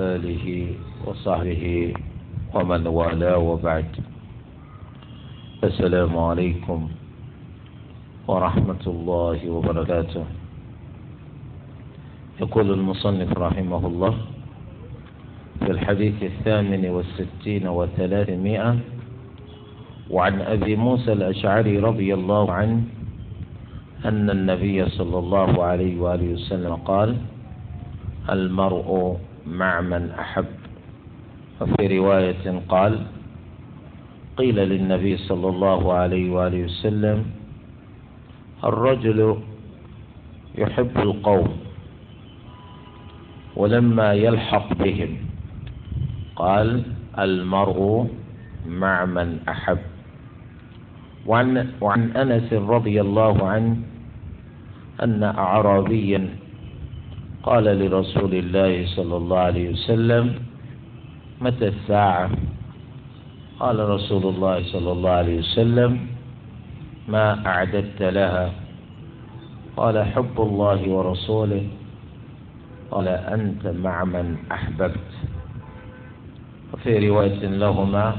آله وصحبه ومن والاه وبعد السلام عليكم ورحمة الله وبركاته يقول المصنف رحمه الله في الحديث الثامن والستين وثلاثمائة وعن أبي موسى الأشعري رضي الله عنه أن النبي صلى الله عليه وآله وسلم قال المرء مع من أحب وفي رواية قال قيل للنبي صلى الله عليه وآله وسلم الرجل يحب القوم ولما يلحق بهم قال المرء مع من أحب وعن, وعن أنس رضي الله عنه أن أعرابيا قال لرسول الله صلى الله عليه وسلم متى الساعة قال رسول الله صلى الله عليه وسلم ما أعددت لها قال حب الله ورسوله قال أنت مع من أحببت وفي رواية لهما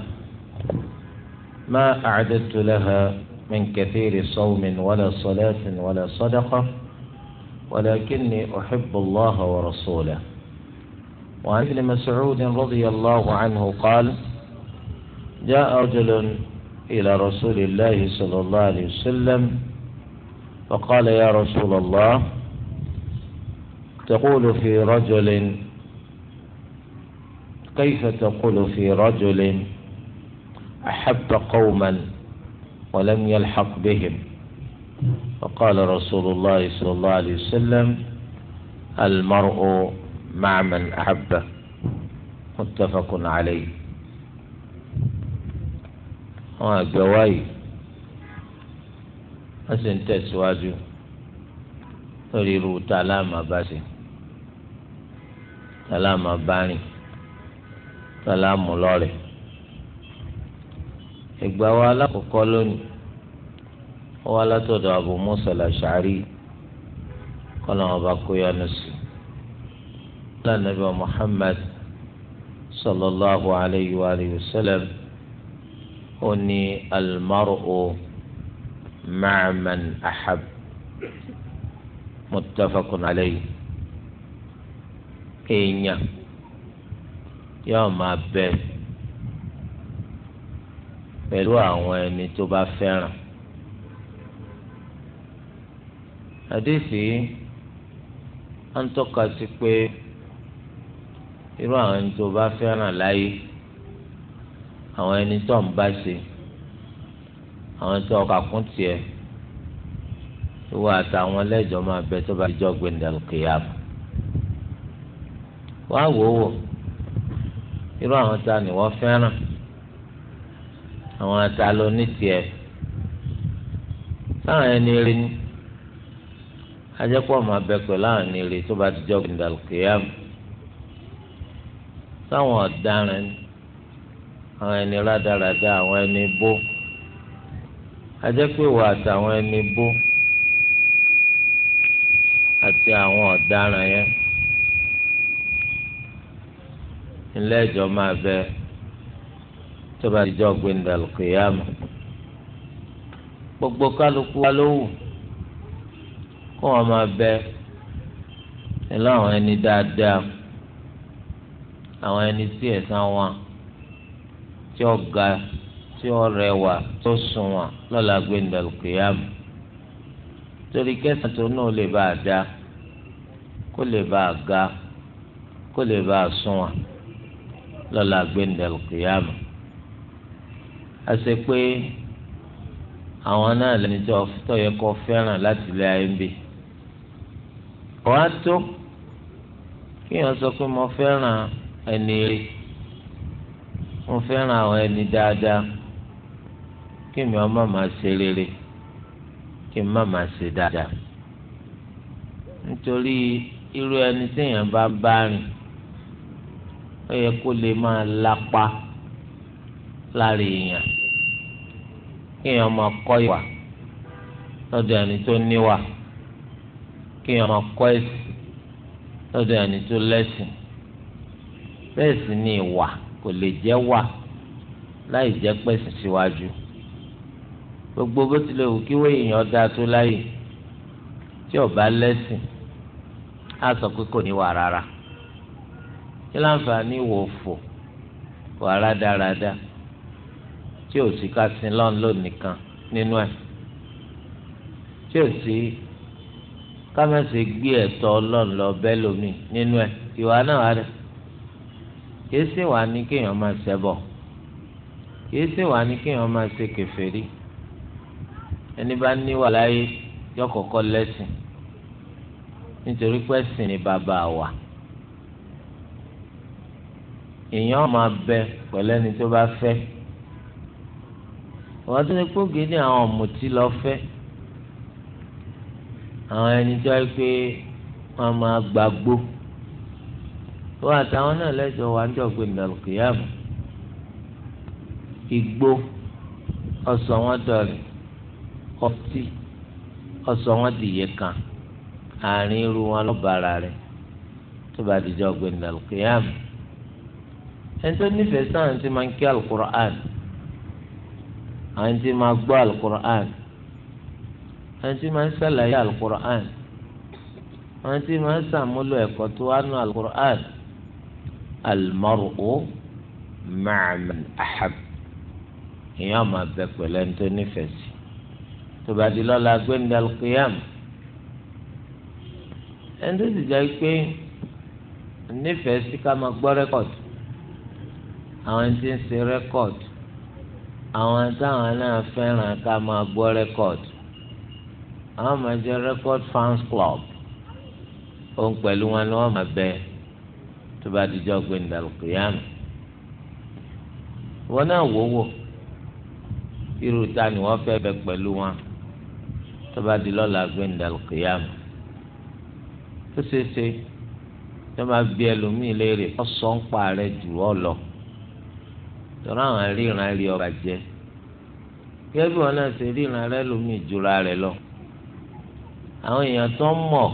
ما أعددت لها من كثير صوم ولا صلاة ولا صدقة ولكني أحب الله ورسوله وعن ابن مسعود رضي الله عنه قال جاء رجل إلى رسول الله صلى الله عليه وسلم فقال يا رسول الله تقول في رجل كيف تقول في رجل أحب قوما ولم يلحق بهم فقال رسول الله صلى الله عليه وسلم المرء مع من أحبه متفق عليه àwọn àgbẹ̀wá yìí wọ́n sì ń tẹ̀síwájú lórí irú tá a láàmà bá ìgbà wa alákọ̀ọ́kọ́ lónìí wọ́n látọ̀dọ̀ Abu Musa al-Ash'ari kọ́nà ọba kóyanu sí lánàbí Muhammad sallallahu alayhi wa alihi wa sallam ó ní almar'u ma'a man ahab alayhi èèyàn yóò máa bẹ pẹ̀lú àwọn ẹni tó bá fẹ́ràn. àdéhìí à ń tọ́ka sí pé irú àwọn ẹni tó bá fẹ́ràn láyé àwọn ẹni tó ń bá ṣe àwọn ẹni tó ọkà kún tiẹ̀ ìwọ àtàwọn lẹ́jọ́ máa bẹ tó bá jọ gbẹ̀ndẹ̀lùkìyàm wá wò ó wò irú àwọn ta ni wọ́n fẹ́ràn àwọn ata ló ní tiẹ̀ sáwọn ẹni rí ni ajẹ́pọ̀ máa bẹ pẹ̀lú àwọn èrè tó bá ti jọ gbìndàlùkìyàmù sáwọn ọ̀daràn àwọn ẹni rádaràda àwọn ẹni bó ajẹ́pẹ̀wò àtàwọn ẹni bó àti àwọn ọ̀daràn yẹn ilé ẹjọ́ máa bẹ tó bá ti jọ gbìndàlùkìyàmù gbogbo kálukú wa ló kó wọn máa bẹ pẹ̀lú àwọn ẹni dáadáa àwọn ẹni tí ẹ̀san wọn tí ó ga tí ó rẹwà tí ó sunwọ̀n lọ́la gbẹ̀ndẹ̀lùkìyàmù torí kẹsàn tó náà lè bá a dá kó lè bá a ga kó lè bá a sunwọ̀n lọ́la gbẹ̀ndẹ̀lùkìyàmù àṣẹ pé àwọn náà lẹni tó yẹ kó fẹ́ràn láti lé ayé ń bì ọ̀há tó kéèyàn sọ pé mo fẹ́ràn ẹni rí mo fẹ́ràn àwọn ẹni dáadáa kí mi ọmọ máa ṣe rere kí n má máa ṣe dáadáa nítorí irú ẹni téèyàn bá bá rìn ó yẹ kó lè máa lápa lára èèyàn kéèyàn máa kọ́ ìwà lọ́dọ̀ ẹni tó níwà kí ọmọ kọ́ ẹ̀sìn lọ́dọ̀ ẹni tó lẹ́sìn bẹ́ẹ̀ sì ni ìwà kò lè jẹ́ wà láì jẹ́ pẹ̀sìn síwájú gbogbo bó tilẹ̀ wù kí wéèyàn dáa tó láyè tí ọba lẹ́sìn á sọ pé kò ní wà rárá kí láǹfààní wò fò wà rádaràda tí ò sí ká sin lọ́n lónìí kan nínú ẹ̀ tí ò sí. Si kámẹ́sì gbé ẹ̀tọ́ ọlọ́run lọ bẹ́ẹ̀ lómi nínú ẹ̀ ìwà náà rẹ̀ kìí sì wà ní kéèyàn máa ṣẹbọ kìí sì wà ní kéèyàn máa ṣe kèfèrí ẹni bá níwà láyé yọ kọ́kọ́ lẹ́sìn nítorí pé ẹ̀sìn ni bàbá wa èèyàn máa bẹ pẹ̀lú ẹni tó bá fẹ́ wọ́n tún ní kó gé ní àwọn ọ̀mùtí lọ fẹ́ àwọn ẹni tó yẹ pé wọn máa gbàgbó wọn àtàwọn náà lẹsọ wà ń jọgbìn nàlùkìyàm igbó ọsọ wọn dọrẹ ọtí ọsọ wọn dìye kan àárín irú wọn lọbàrà rẹ tó bá dìjọ gbìn nàlùkìyàm ẹni tó nífẹ̀ẹ́ sáà ti máa ń kí alukur'an àwọn ti máa gbọ́ alukur'an àwọn tí máa ń sàlàyé alukur'an àwọn tí máa ń sàmúlò ẹ̀kọ́ tó wà nù alukur'an almar'u ma'a man ahab èèyàn máa bẹ pẹ̀lú ẹni tó nífẹ̀ẹ́ sí tó bá di lọ́la gbẹ̀ndé alukiyam ẹni tó sì jẹ́ pé nífẹ̀ẹ́ sí ká máa gbọ́ rẹ́kọ̀dù àwọn tí ń ṣe rẹ́kọ̀dù àwọn táwọn náà fẹ́ràn ká máa gbọ́ rẹ́kọ̀dù àwọn máa jẹ record fans club òun pẹ̀lú wọn ni wọ́n máa bẹ tó bá dijọ́ gbé ndàlùkìyàmù wọn náà wòwò irú ta ni wọ́n fẹ́ bẹ pẹ̀lú wọn tó bá di lọ́la gbé ndàlùkìyàmù tó ṣeé ṣe tó máa bí ẹlòmíì léèrè ọ̀sán pa rẹ̀ jù ọ́ lọ tọ́lá àwọn ríran rí ọba jẹ gẹ́gẹ́ bí wọn náà ṣe ríran rẹ̀ lómi jura rẹ̀ lọ àwọn èèyàn tó ń mọ̀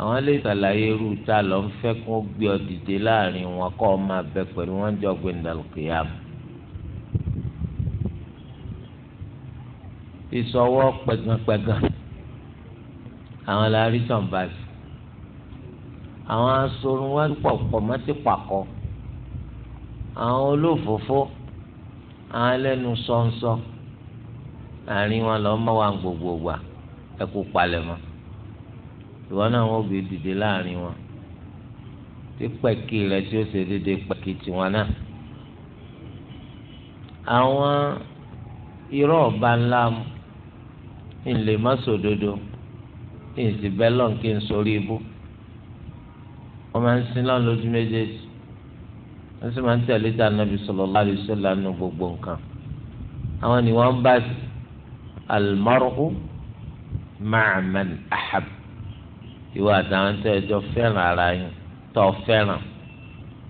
àwọn lè ṣàlàyé irú ta lọ ń fẹ́ kó gbé ọ dìde láàrin wọn kó o máa bẹ pẹ̀lú wọn jọ gbé ndàlùkìyàm. ìsọwọ́ pẹ̀gànpẹ̀gàn àwọn la rí sànbàṣì àwọn asorun wá pọ̀pọ̀ mọ́tì pàkọ́ àwọn olófòófó àwọn ẹlẹ́nu sọ́nsọ́ àárín wọn lọ́ọ́ mọ́ wa gbogbo gbà ẹ kú palẹ̀ mọ́ ìwọ náà wọ́n gbé dìde láàrin wọn tí pẹ̀kì rẹ tí ó ṣe déédéé pẹ̀kì tiwọn náà àwọn irọ́ ọba ńlá ńlẹ̀ má sòdodo ńsì bẹ́ẹ̀ lọ́n kí n sórí ibú wọ́n máa ń sin lọ́n lójú méjèèjì wọ́n sì máa ń tẹ̀lé dá nàbì sallallahu alaihi wasallam nínú gbogbo nǹkan àwọn ni wọ́n ń bá almaru ma'aman ahab ìwọ àtàwọn tó ẹjọ fẹ́ràn ara yín tó fẹ́ràn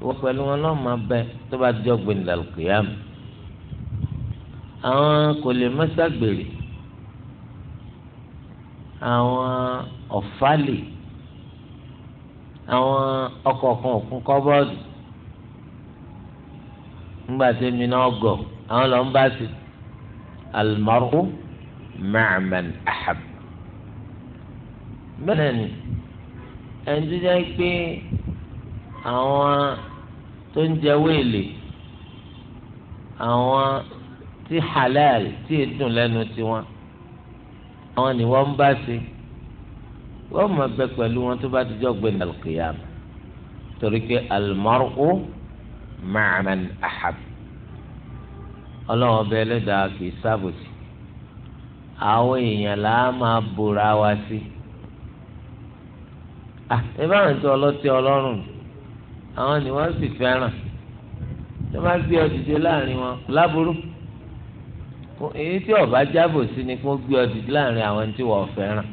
ìwọ pẹ̀lú wọn náà máa bẹ tó bá jọ gbẹndà lùkìyàm àwọn kò lè mẹsàgbèrè àwọn ọ̀fàlì àwọn ọkọ̀ọ̀kan òkun kọ́bọ́ọ̀dù ńgbà tí mi náà gọ̀ àwọn lọ́n bá sí almaru bẹ́ẹ̀ ni ẹni tó jẹ́ pé àwọn tó ń jẹ wéèlè àwọn tí halal tí èdùn lẹ́nu tiwọn àwọn ni wọ́n ń bá ṣe wọ́n mọ̀ bẹ pẹ̀lú wọn tó bá ti jọ gbé nàlùkìyàm torí pé almar'u ma'a ahab ọlọ́run ọbẹ̀ ẹlẹ́dàá kì í sábòsí àwọn èèyàn là á máa bòra wa sí. Si ẹ bá rìn tó ọlọ́tí ọlọ́run àwọn ni wọ́n sì fẹ́ràn tó bá gbé ọ dìde láàrin wọn láburú èyí tí ọba jábò sí ni kó gbé ọ dìde láàrin àwọn tí wọ́n fẹ́ràn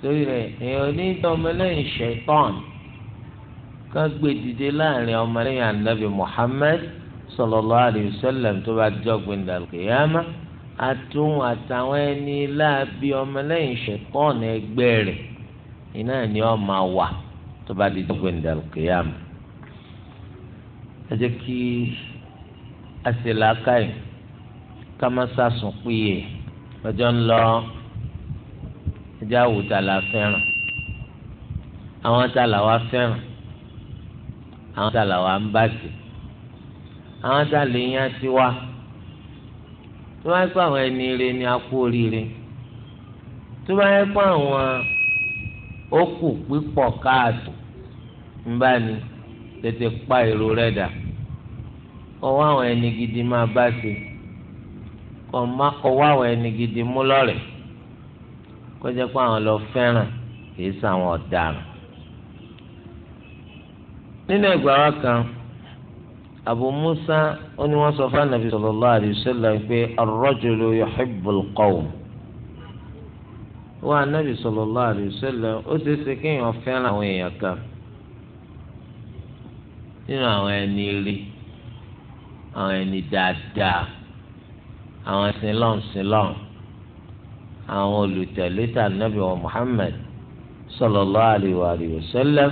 torí rẹ̀ èèyàn ní ọmọlẹ́yìn ṣẹ̀tọ́n ká gbé dìde láàrin ọmọlẹ́yìn anabi Muhammad sallallahu alayhi wa tó bá jọ́gbìn dàlùkìyàmá àtúnwò àtàwọn ẹni láàbí ọmọlẹ́yìn ṣẹ̀tọ́n ẹgbẹ́ rẹ̀ iná ni ọ máa wà tó bá di dùgbò ní dàlùkìyàmù ẹ jẹ́ kí a ṣe làákàyè ká má sàsùn péye ọjọ́ ń lọ ẹjẹ́ àwùjá la fẹ́ràn àwọn tá là wá fẹ́ràn àwọn tá là wá ń bàjẹ́ àwọn tá lè yán sí wa tó bá yẹ kó àwọn ẹni rẹ ni a kú oríire tó bá yẹ kó àwọn. ó kù pípọ̀ káàtó ń bá ní tètè pa èrò rẹ̀ dà ọwọ́ àwọn ẹni gidi máa bá ṣe ọwọ́ àwọn ẹni gidi mú lọ́rẹ̀ kọjá pé àwọn lọ fẹ́ràn kìí sàwọn ọ̀daràn. nínú kan Abu Musa ó ní wọ́n sọ fún anabi sallallahu alaihi pé ar wọn anabi sallallahu alaihi wasallam ó ṣeé ṣe kéèyàn fẹ́ràn àwọn èèyàn kan nínú àwọn ẹni rí àwọn ẹni dáadáa àwọn sinlọ́n sinlọ́n àwọn olùtẹ̀lẹ́tà nàbì wa Muhammad sallallahu alaihi wasallam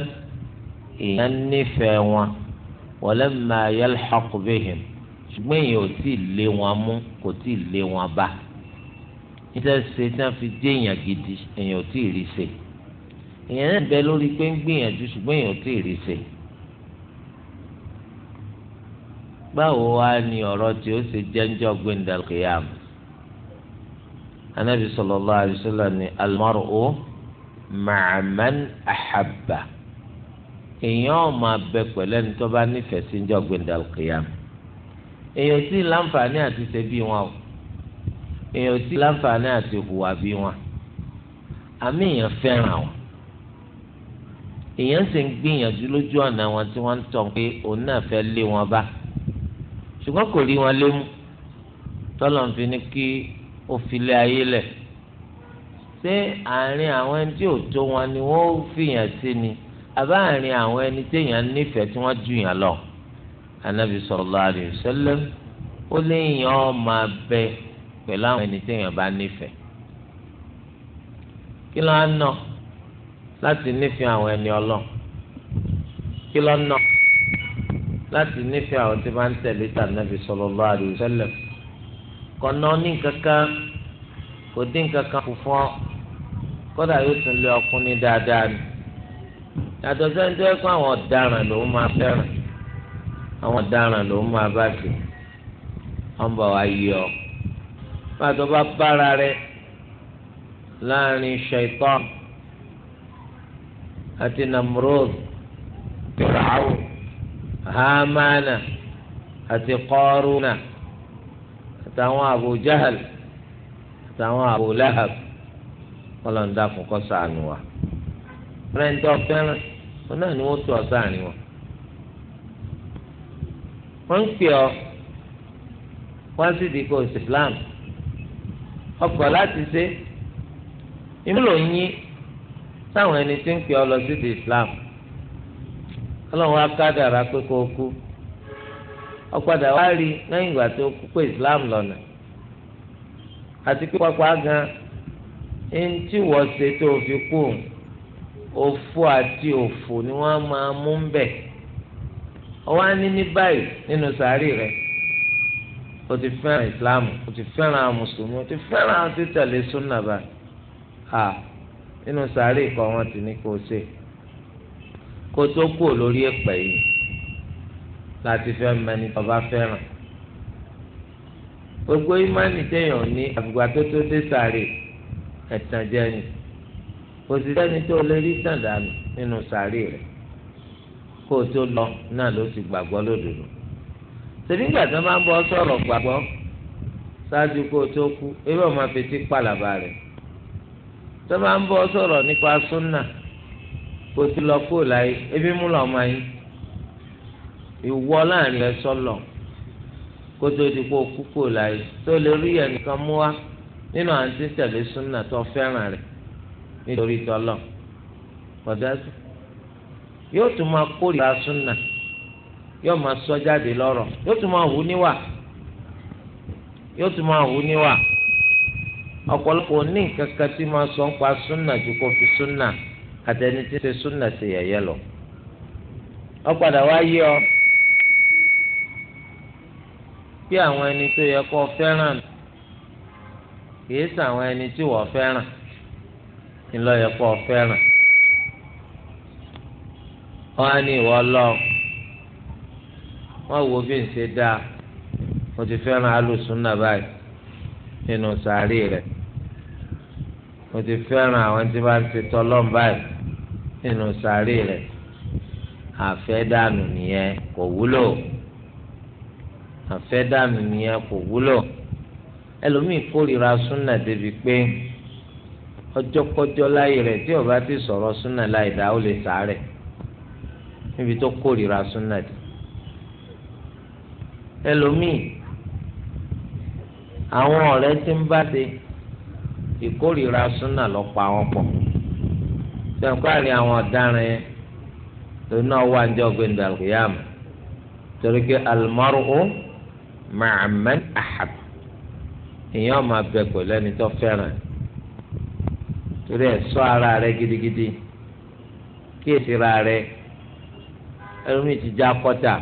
ìyẹn nífẹ̀ẹ́ wọn walamma yalhaq bihim ṣùgbọ́n èèyàn ò tí ì lé wọn mú kò tí ì lé wọn bá níta ṣe tí wọn fi dé èèyàn gidi èèyàn ò tí ì rí ṣe èèyàn náà bẹ lórí pé ń gbìyànjú ṣùgbọ́n èèyàn ò tí ì rí ṣe. báwo wá ni ọ̀rọ̀ tí ó ṣe jẹ́ńjọ́ gbẹ̀ndà kìyàm anabi sallallahu alaihi ni almar'u ma'a man ahabba èèyàn ò máa bẹ pẹ̀lú ẹni tó nífẹ̀ẹ́ sí jọ́ gbẹ̀ndà kìyàm èèyàn ò tí ì láǹfààní àti ṣe bí wọn o èèyàn sí láǹfààní àti hùwà bí wọn àmì èèyàn fẹ́ràn wọn èèyàn sì ń gbìyànjú lójú ọ̀nà wọn tí wọ́n ń tọ̀ pé òun náà fẹ́ lé wọn bá ṣùgbọ́n kò rí wọn lé mú tọ́lọ̀ ń fi ní kí ó filé ayé lẹ̀ ṣé àárín àwọn ẹni tí ò tó wọn ni wọ́n fìyàn sí ni àbá àárín àwọn ẹni téèyàn nífẹ̀ẹ́ tí wọ́n jù yàn lọ Ànábì sallallahu alaihi wasallam ó léèyàn máa bẹ pẹ̀lú àwọn ẹni téèyàn bá nífẹ̀ẹ́ kí ló ń nà láti nífẹ̀ẹ́ àwọn ẹni ọlọ́run kí ló ń nà láti nífẹ̀ẹ́ àwọn tí wọ́n ń tẹ̀lé tànàbí sallallahu alaihi wasallam kọ̀nà ní kankan kò dín kankan kù fún ọ kódà yóò tún lé ọkùnrin dáadáa ni yàtọ̀ sẹ́ni tó yẹ kó àwọn ọ̀daràn lòún máa fẹ́ràn àwọn ọ̀daràn lòún máa bá fi ọ̀n bọ̀ wá yí ọ pàtó bá bára rẹ láàrin ṣaitan àti namrod fìràwù hamana àti kọrùnà àtàwọn abu jahal àtàwọn abu lahab kọlọńdà fún kọsàánù wa rẹńtọ fẹ́ràn wọn náà ni wọn tó ọsàánù wọn wọn ń pè ọ wọn sì kò islam ọkọ̀ láti ṣe ìmúlò yín sáwọn ẹni tí ń pè ọ lọ sí di Islam ọlọ́run á kádàrá pé kó o kú ọ̀padà wá rí lẹ́yìn ìgbà tó kú pé Islam lọ́nà àti pé pápá gan ẹni tí wọ́n ṣe tó fi kú òfò àti òfò ni wọ́n máa mú ń bẹ̀ ọ wá ní ní báyìí nínú sàárì rẹ̀ o ti fẹ́ràn islam o ti fẹ́ràn àwọn mùsùlùmí o ti fẹ́ràn àwọn títẹ̀lé súnà báyìí à nínú sàárè ikọ̀ wọn ti ní kó o ṣe kó o tó kú lórí ẹ̀pẹ̀ yìí láti fẹ́ mẹni tó bá fẹ́ràn gbogbo ìmánì téèyàn ní àgbà tó tó dé sàárè ẹ̀tàn jẹ́ni kò sì sẹ́ni tó lè rí tàn dànù nínú sàárè rẹ̀ kó tó lọ náà ló ti gbàgbọ́ lódodo. ṣèbí ńgbà tó máa ń bọ sọ̀rọ̀ gbàgbọ́ ebe kó o tó kú ebi ọmọ afetí pàlàbà ń bọ nípa súnà o ti lọ kó láyé ebi mú lọ ọmọ yín ìwọ láàrin sọlọ kó tó di kó o kú kó láyé tó lè rí ẹnìkan mú wá nínú àǹtí tẹ̀lé súnà tó nítorí yóò tún máa yóò máa sọ jáde lọrọ yóò tún máa hù níwà yóò tún máa hù níwà ọ̀pọ̀lọpọ̀ ní nǹkan kan sọ ń pa súnà ju kó fi súnà àtẹni tí ṣe súnà ṣe lọ. padà ọ bí àwọn ẹni tó yẹ kó fẹ́ràn kìí sàn àwọn ẹni tí wọ́n fẹ́ràn ńlọ yẹ kó fẹ́ràn. wọ́n á ní ìwọ wọ́n wo bí n ṣe dáa mo ti fẹ́ràn alùsùnà báyìí nínú sàárì rẹ̀ mo ti fẹ́ràn àwọn tí wọ́n ti tọ́lọ́m báyìí nínú sàárì rẹ̀ àfẹ́dànù nìyẹn kò wúlò àfẹ́dànù nìyẹn kò wúlò ẹlòmíì kórìíra súnà débi pé ọjọ́kọ́jọ́ láyé rẹ̀ tí ó bá ti sọ̀rọ̀ súnà láì dá ó lè sàárẹ̀ níbi tó kórìíra súnà dé. ẹlòmíì àwọn ọ̀rẹ́ tí ń bá ṣe ìkórìíra súnà lọ pa wọn pọ̀ sẹ̀ńkárì àwọn ọ̀daràn yẹn lónìí náà wà ní ọgbẹ́ni dàlùkìyàmù torí pé almaru ma'aman ahab èèyàn máa bẹ pẹ̀lú ẹni tó fẹ́ràn torí ẹ̀ ṣọ́ ara rẹ gidigidi kí èsì ra rẹ ẹlòmíì ti já kọ́tà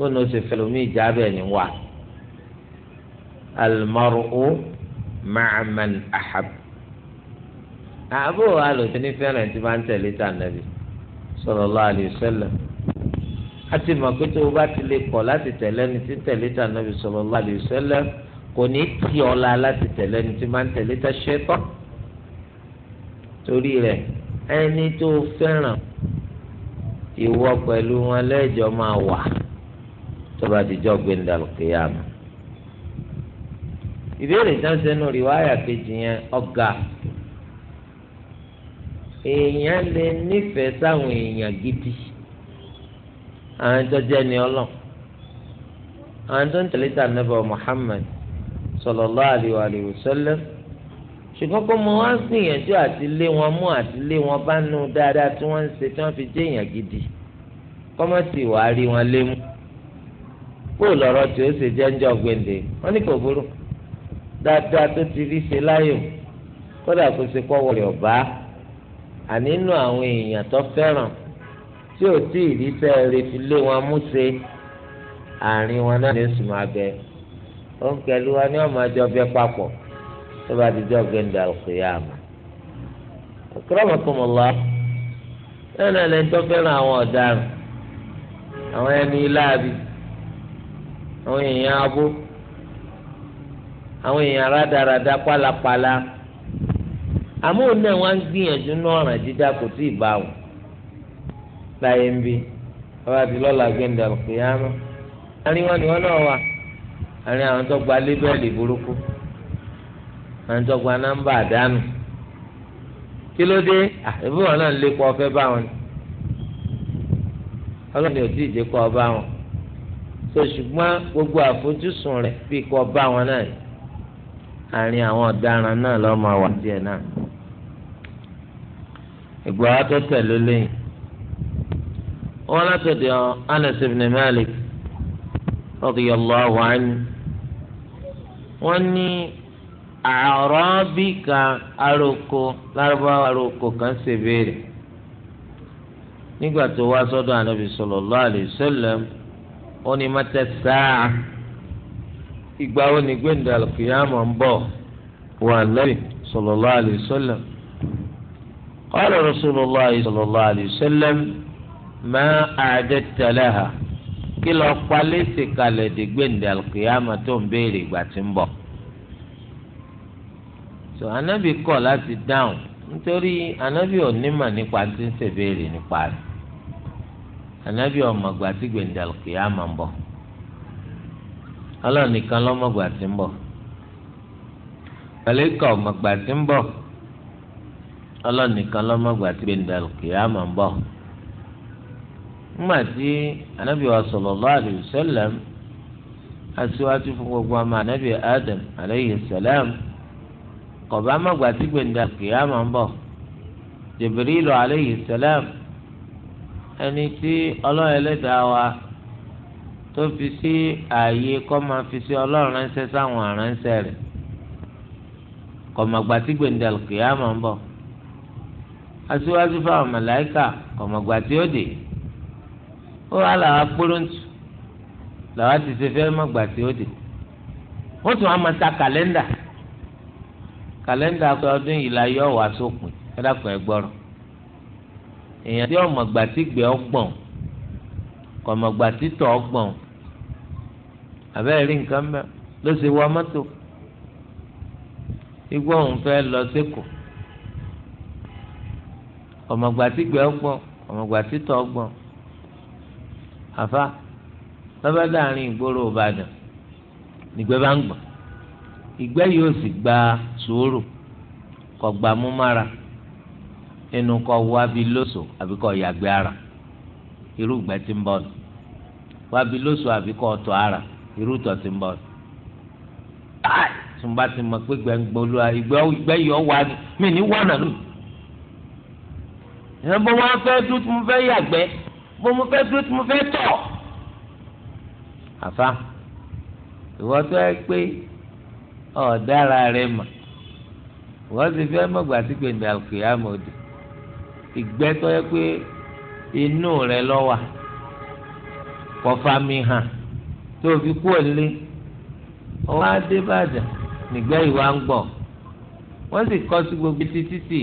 bóun ó ṣe fẹlẹ̀ mí ìjà bẹ́ẹ̀ ni wà. almaru ma'aman ahab. àbò àlòjọ ní fẹ́ràn tí bá ń tẹ̀lé tà nàbì sallallahu alayhi wa sallam. a ti mọ̀ pé tó o bá ti lè kọ̀ láti tẹ̀lé ni tí tẹ̀lé tà nàbì sallallahu alayhi wa sallam kò ní tí ọ̀la láti tẹ̀lé ni tí máa ń tà ṣẹ́tán. torí rẹ̀ ẹni tó fẹ́ràn ìwọ pẹ̀lú wọn lẹ́jọ́ máa wà tọba àtijọ́ gbẹ̀ndà lùkìyàmù. ìbéèrè sáńsẹ́ nù rí wáyà kejì yẹn ọ̀gá èèyàn lè nífẹ̀ẹ́ sáwọn èèyàn gidi àwọn tó jẹ́ ni ọlọ́ àwọn tó ń tẹ̀lé tà nẹ́bà Muhammad sallallahu alaihi wa alihi wasallam ṣùgbọ́n kó mo wá gbìyànjú àti lé wọn mú àti lé wọn bá nù dáadáa tí wọ́n ń ṣe tí wọ́n fi jẹ́ èèyàn gidi kọ́mọ́tì wàá rí wọn lé mú. bóò lọrọ tí ó ṣe jẹ ń jọ gbèǹde wọ́n ní kò burú dáadáa tó ti rí ṣe láyò kódà kó ṣe kọ́ wọlé ọ̀bá àní àwọn èèyàn tó fẹ́ràn tí ò tí ì fi lé wọn mú ṣe àárín wọn náà ní oṣù máa bẹ ó ń kẹlu wa ní ọmọ ẹjọ bẹ tó bá ti náà náà àwọn ọdaràn, àwọn ẹni láàbì. àwọn èèyàn abó àwọn èèyàn rádaràda pálapàla àmọ́ òun náà wọ́n á gbìyànjú náà ọ̀ràn dídá kò tí ì bá wù láyé ń bí bàbá lọ́la gbẹ̀ndà kìyàmá àárín wọn ni wọn náà wà àárín àwọn tó gba lébẹ́ẹ̀lì burúkú àwọn tó gba nọ́mbà àdánù kí ló dé ọ bá wọn ni ò so ṣùgbọ́n gbogbo àfojúsùn rẹ̀ fi kò bá wọn náà àárín àwọn ọ̀daràn náà lọ́mọ wà díẹ̀ náà. ìgbà wa tó tẹ̀lé lẹ́yìn wọn látọ̀dọ̀ Anas ibn Malik anyị. anhu wọn ní àrọ́bì kan aróko lárúbáwá aróko kan ṣèbéèrè nígbà tó wá sọ́dọ̀ Ànábì ó ní mẹtẹ igba ìgbà wo ni gbẹ̀ndà kìyàmọ̀ ń bọ̀ sallallahu alayhi qala ma laha di gbẹ̀ndà kìyàmọ̀ tó ń béèrè ìgbà so anabi kọ lati dáhùn nítorí anabi ò ní mà nípa tí ànábì ọmọgbà tí gbèǹdàlùkì á máa ń nikan ọlọ́run nìkan lọ́mọgbà tí ń bọ̀ màlẹ́kà ọmọgbà tí ń bọ̀ ọlọ́run nìkan lọ́mọgbà tí gbèǹdàlùkì á máa ń fún gbogbo ọmọ anabi Adam alaihi salam kọ̀ọ̀bá mọ̀gbà tí gbèǹdàlùkì á máa ń ẹni tí ọlọ́run ẹlẹ́dàá wa tó fi sí ààyè kọ́ máa fi sí ọlọ́run ránṣẹ́ sáwọn aránṣẹ́ rẹ̀ kọ̀mọ̀gbà tí ma àlùkìyámà ń bọ̀ aṣíwájú fáwọn màláìkà kọ̀mọ̀gbà tí ó dé ó wà láwa kpóróntù làwa ti ṣe fẹ́ mọ̀gbà tí ó dé tún máa ta kàlẹ́ndà kàlẹ́ndà ọdún yìí la yọ wá sópin gbọ́rọ̀ èèyàn tí ọmọgbà tí gbẹ ọgbọ̀n kọmọgbà tí tọ̀ ọgbọ̀n àbẹ́rẹ́ rí nǹkan mẹ́ ló ṣe wọ mọ́tò igbó òun fẹ́ lọ sẹ́kọ̀ọ́ ọmọgbà tí gbẹ ọgbọ̀n ọmọgbà tí tọ̀ ọgbọ̀n àfa lọ́bẹ̀ láàrin ìgboro Ìbàdàn nígbẹ́ bá ń gbọ̀n ìgbẹ́ yóò sì gba sùúrù kọ̀gbà mú mára inú kọ wábi lóṣù àbí kọ yàgbẹ́ ara irú ìgbẹ́ tí ń bọ̀ nù wábi lóṣù àbí kọ tọ̀ ara irú tọ̀ tí ń bọ̀ nù. tùmbà ti mọ̀ pé gbẹ̀ngbọ̀lùwà ìgbẹ́ yọ̀ wá ni mí ní wọ̀nà lù. ìyẹn bó wọn fẹ́ dúró tí mo fẹ́ yàgbẹ́ bó mo fẹ́ dúró tí mo fẹ́ tọ̀. àfa ìwọ tó ẹ pé ọ̀ọ́dára rẹ mà wọ́n ti fẹ́ mọ̀gbà tí gbèǹdà kìí àmọ̀ òdì. ìgbẹ́ tó yẹ pé inú rẹ lọ́wà kọfami hàn tó fi kú ẹ̀lẹ́ ọwọ́ adébàjá nígbẹ́ ìwà ń gbọ̀ wọ́n sì kọ́ sí gbogbo títí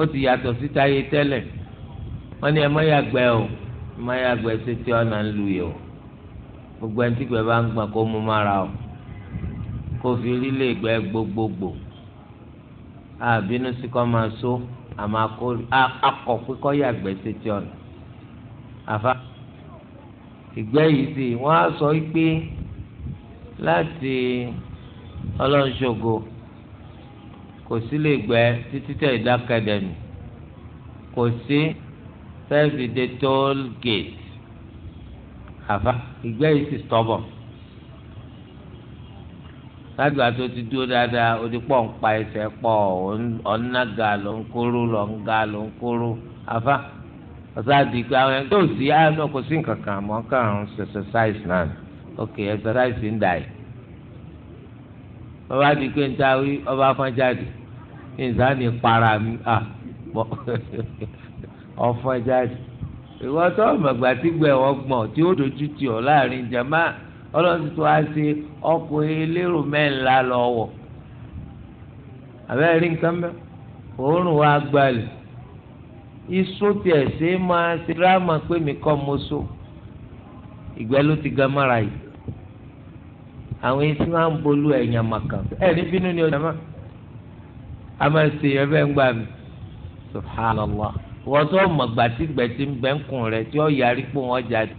ó ti yàtọ̀ síta yé tẹ́lẹ̀ wọ́n ní ẹ má o ẹ má yàgbẹ́ sétí ọ̀nà ń lu yìí o gbogbo ẹni tí gbẹ bá ń kó mú mára o kó fi rí lè so. àmọ́ akọ pé kọ́ yàgbẹ́ sétí ọ̀nà àfa ìgbẹ́ yìí sì wọ́n á sọ pé láti ọlọ́nṣogo kò sí lè gbẹ́ títí tẹ̀ ìdákẹ́dẹ̀mì kò sí sẹ́ẹ̀fì dé tóòlù gèètì àfa ìgbẹ́ yìí sì stọ́bọ̀n. lágbà tó ti dúró dáadáa ó ti pọ̀ ń pa ẹsẹ̀ pọ̀ ọ̀nàgà ló ń kóró ló ń ga ló ń kóró afá ọ̀sáàdì pé àwọn ẹgbẹ́ òsì àánú kò sí nǹkan kan mọ́ kàn exercise náà ok exercise ń dà yìí ọba di pé ń ọba fọ́n jáde para mi à bọ́ ọfọ́n ìwọ́n tó ọmọ ìgbà tí gbọ̀n tí ó dojú ti ọ̀ láàrin ọlọ́run ti tó wá sí ọkọ̀ elérò mẹ́ńlá lọ́wọ́ nǹkan mẹ́ òórùn wa gbalẹ̀ iṣu tiẹ̀ ṣe máa ṣe dírámà mi kọ́ so ìgbẹ́ ló ti ga mára yìí àwọn etí máa ń bolú ẹ̀yàn màkàn ẹ̀ ní bínú ni a máa ṣe ẹ̀fẹ́ ń gbà mí subhanallah wọ́n tó mọ̀gbàtígbẹ̀tì ń bẹ́ ń kùn rẹ̀ tí ó yarí pé wọ́n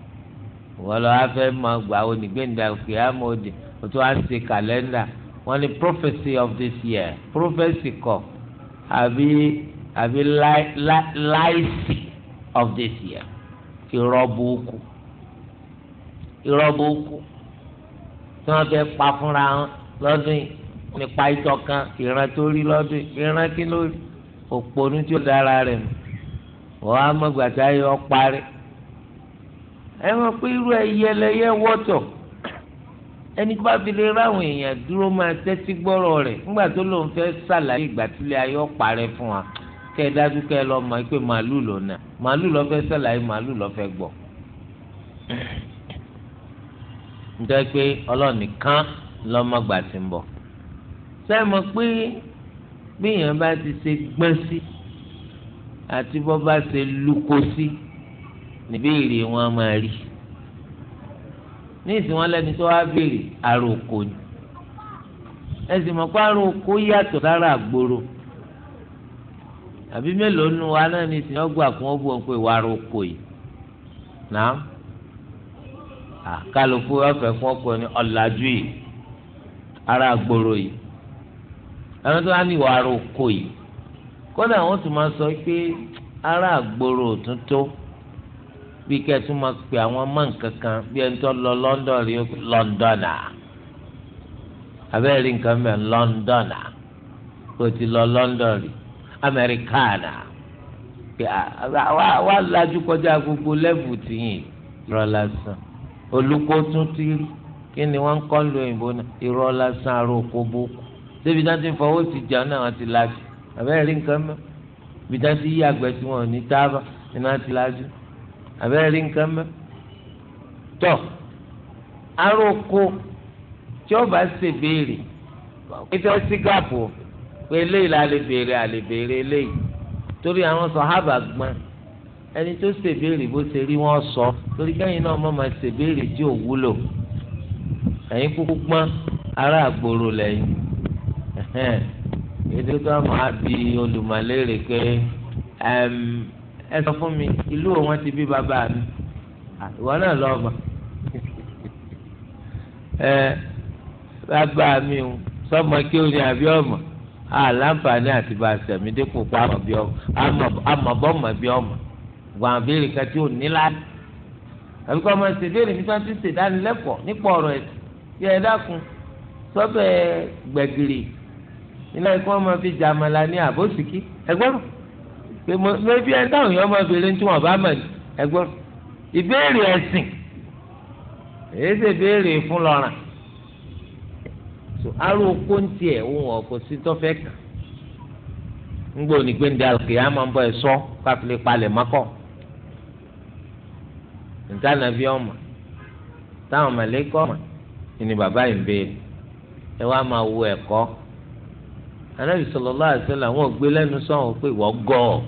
wọ́n lọ afẹ́ máa gbà wọ́n nígbèǹda òkè amòdì wọ́n tún á ṣe kàlẹ́ndà wọ́n ní prophecy of this year prophecy kọ àbí àbí láìsí of this year ìrọ̀bù òkú ìrọ̀bù òkú tí wọ́n fẹ́ pa fúnra wọn lọ́dún yìí nípa ìtọ̀ kan ìran tó rí lọ́dún yìí ìran kí ló rí òpònú tí ó dára rẹ̀ mọ́ wọ́n á mọ̀gbàtà yọ parí ẹ mọ̀ pé irú ẹyẹ lẹyẹ wọ́tọ̀ ẹni tó bá fi lè ráwọn èèyàn dúró máa tẹ́tí gbọ́rọ̀ rẹ̀ nígbà tó lóun fẹ́ ṣàlàyé ìgbà tílé ayé ọ̀parẹ́ fún wa kẹ́ ẹ dájú kẹ́ ẹ lọ mọ̀ pé màálù lò náà màálù lọ fẹ́ ṣàlàyé màálù lọ fẹ́ gbọ́. nítorí pé ọlọ́run nìkan lọ́mọgbà ti ń bọ̀. ṣé ẹ mọ̀ pé bí èèyàn bá ti ṣe gbọ́n sí àti bọ́ bá ṣe lúko sí. Si níbéèrè wọn máa rí ní n'isi wọn lẹ́ni tó wá àròkò ni ẹ mọ̀ pé àròkò yàtọ̀ lára àgbòrò àbí mélòó nu wa náà ní ìsìn ọgbà fún ọgbà òǹkọ ìwà àròkò yìí náà àkàlùkù ọfẹ fún ọkọ ni ọ̀làjú yìí ara àgbòrò yìí ẹni tó wá ní ìwà àròkò yìí kódà wọn tún máa sọ pé ara àgbòrò òtútó. bí kẹtù máa pè àwọn mọ nǹkan kan bí ẹni tó lọ London rí Londona abẹ́rẹ́ nǹkan mẹ́ Londona o ti lọ London rí Americana wà wà lajú kọjá gbogbo lẹ́bù tìyìn irọ́ lásán olùkó tún ti rí kí ni wọ́n ń kọ́ lu òyìnbó náà irọ́ lásán aró oko bókù débi dáńtí fọwọ́ ti jẹun náà wọ́n ti lajú abẹ́rẹ́ nǹkan mẹ́ bí dáńtí yí àgbẹ̀ tí wọ́n ò ní tábà ni wọ́n ti lajú abẹ́rẹ́ rí nǹkan mẹ́. tọ́ aróko tí ó bá ṣe béèrè ètò ọtí gáàpù pé eléyìí la lè béèrè àlè béèrè eléyìí torí àwọn sàhábà gbọ́n ẹni tó ṣe béèrè bó ṣe rí wọn sọ torí kẹ́yìn náà mọ̀ máa ṣe béèrè tí ò wúlò ẹ̀yin kúkú gbọ́n ará àgbòrò lẹ́yìn ètò tó àmọ́ àbí olùmọ̀lérè pé ẹ sọ fún mi ìlú wọn ti bí bàbá mi ìwọ náà lọ mà ẹ bàbá mi o sọmọ kí o ní àbí ọmọ àlàǹfààní àti bá a sẹ̀mí dípò pa àmọ̀bọ́mọ bí ọmọ gbọ̀n àbẹ́rẹ́ kan tí ò ní láti àbí ọmọ ẹsẹ̀ ìbéèrè mi tí ti ń ṣèdánilẹ́kọ̀ọ́ nípa ọ̀rọ̀ ẹ̀sìn yẹ ẹ dákun sọ́bẹ̀ gbẹ̀gìrì nílẹ̀ kí wọ́n fi jàmàlà ní àbòsíkí ẹgbẹ́rún pé mo bí ẹni táwọn èèyàn máa tí wọn bá mọ̀ ní ìbéèrè èyí ṣe béèrè fún so aró ń tiẹ̀ ohun ọ̀pọ̀ sí tọ́fẹ́ kàn ń gbọ́ ní gbẹ́ndé àlùkè máa ń bọ́ káfílẹ̀ palẹ̀ ni bàbá yìí ń béèrè ẹ wá máa wo ẹ̀kọ́ àwọn ògbé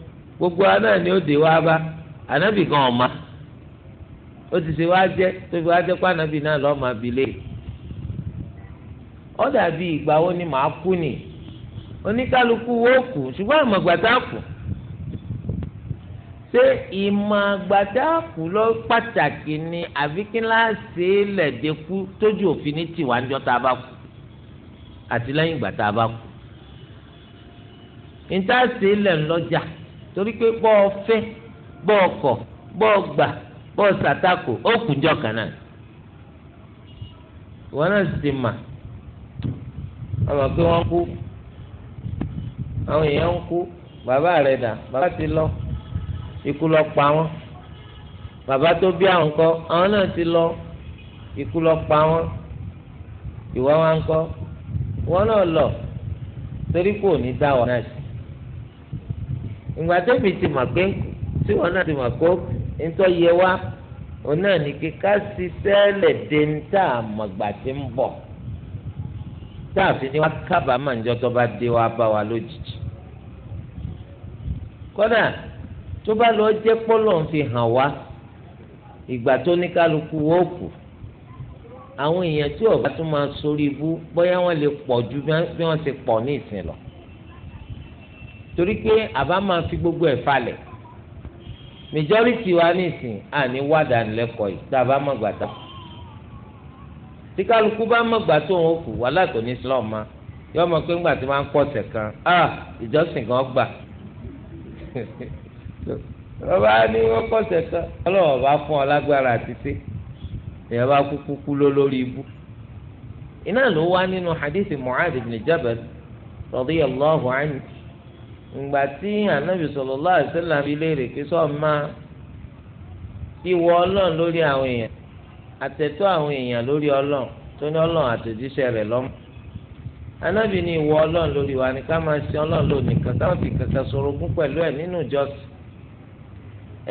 gbogbo wa náà ni ó dé wá bá ànábì kan ọ̀ma ó ti ṣe wá jẹ́ tó fi wá jẹ́ pé ànábì náà lọ́ọ́ máa bi lé ó dàbí ìgbà wo ni màá kú ni oníkálukú wo kù ṣùgbọ́n àmọ̀ kù ṣé ìmọ̀ kù lọ pàtàkì ni àbí kí ńlá ṣe é lẹ̀dẹ́kú tójú òfin ní tiwa ńjọ́ tá a bá kú àti lẹ́yìn ìgbà tá a bá kú. níta ṣe é lẹ̀ ńlọ́jà torí pé bọ́ ọ fẹ́ bọ́ ọ kọ̀ bọ́ ọ gbà bọ́ ọ sàtakò ó kù jọ kan náà ìwọ náà sì ti mà ọmọ pé wọ́n kú àwọn èèyàn ń kú bàbá rẹ̀ dà bàbá ti lọ ikú lọ pa wọ́n bàbá tó bí àwọn kọ àwọn náà ti lọ ikú lọ pa wọ́n ìwọ wa kọ ìwọ náà lọ torí kò ní dá náà sí ìgbà tẹ́mi ti mọ̀ pé tí wọn náà ti mọ̀ pé ńtọ́ yẹ wá òun náà ní kí ká ṣiṣẹ́ lẹ̀ dé ń tà mọ̀gbà tí ń bọ̀ tá a fi ní wá kábàámà níjọ́ tó bá dé wá bá wa lójijì kódà tó bá lọ jẹ́ pọ́lọ̀ ń fi hàn wá ìgbà tó ní kálukú wọ́n kù àwọn èèyàn tí ọ̀gá tó máa sórí ibú bóyá wọ́n lè pọ̀ ju bí wọ́n ti pọ̀ ní ìsìn lọ torí pé àbá máa fi gbogbo ẹ̀ falẹ̀ majority wa nísìn àní wà dánilẹ́kọ̀ọ́ yìí tá a bá mọ̀ gbàtà tí kálukú bá mọ̀ gbà tó òun kù wàhálà tó ní Islam ma yọ ọmọ pé ńgbà tí wọ́n á pọ̀ ọ̀sẹ̀ kan ah ìjọsìn kan gbà ọba ní wọ́n pọ̀ ọ̀sẹ̀ kan ọlọ́wọ́ bá fún ọ lágbára àti èèyàn bá kú kúkú ló lórí ibú iná ló wá nínú hadith Mu'adh ibn Jabal radiyallahu anhu. ngba ti anabi sallallahu alaihi wasallam kesọ ma iwo Ọlọ́run lórí àwọn èèyàn àtẹ̀tọ́ àwọn èèyàn lórí Ọlọ́run tó ní Ọlọ́run àtòjíṣẹ́ anabi ni iwo Ọlọ́run lórí wa nika ká máa ṣe Ọlọ́run lónìí kan káwọn ẹ nínú ìjọsìn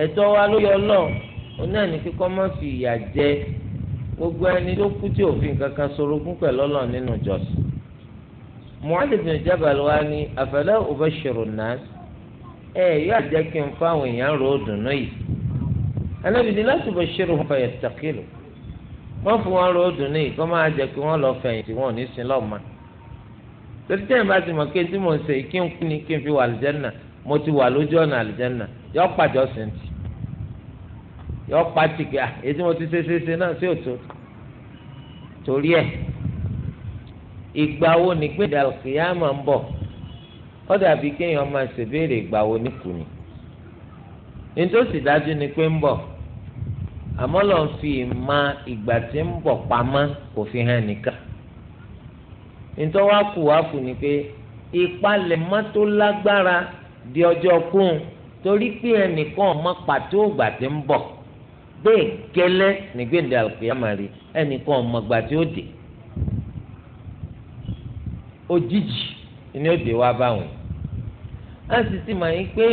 ẹ̀tọ́ wa lórí Ọlọ́run oní àní kíkọ fi ìyà jẹ gbogbo ẹni tó kú tí òfin kankan sorogún pẹ̀lú Ọlọ́run nínú Mu'adh bin Jabal wa ni afala ubashiru nnas ẹ yóò jẹ́ kí n fáwọn èèyàn rò ó dùnú yìí Ànábì ní la tubashiruhum fayastaqilu wọ́n fún wọn rò ó dùnú yìí kó máa jẹ́ kí wọ́n lọ fẹ̀yìntì wọn ò ní sin lọ́ọ̀mà torí tẹ́yìn bá ti mọ̀ kí n tí mò ń ṣe kí n kú ni kí n fi wà àlùjẹ́nà mo ti wà lójú ọ̀nà àlùjẹ́nà yọ pàjọ́ ìgbà wo ni pé dàlùkìyàmà ń bọ̀ ó dàbí kéèyàn máa ṣèbéèrè ìgbà wo ní kùnì nítòsí dájú ni pé ń bọ̀ àmọ́ fi ma ìgbà tí ń bọ̀ pamọ́ kò fi hàn nìkan nítorí wá kù wá kù ni pé ìpalẹ̀ mọ́tò lágbára di ọjọ́ kún torí pé ẹnìkan mọ pàtó ìgbà tí ń bọ̀ bẹ́ẹ̀ gẹ́lẹ́ nígbèǹdà rí ẹnìkan tí ó dé. Ojiji ni ó dé wá báwọn á sì ti mọ̀ yín pé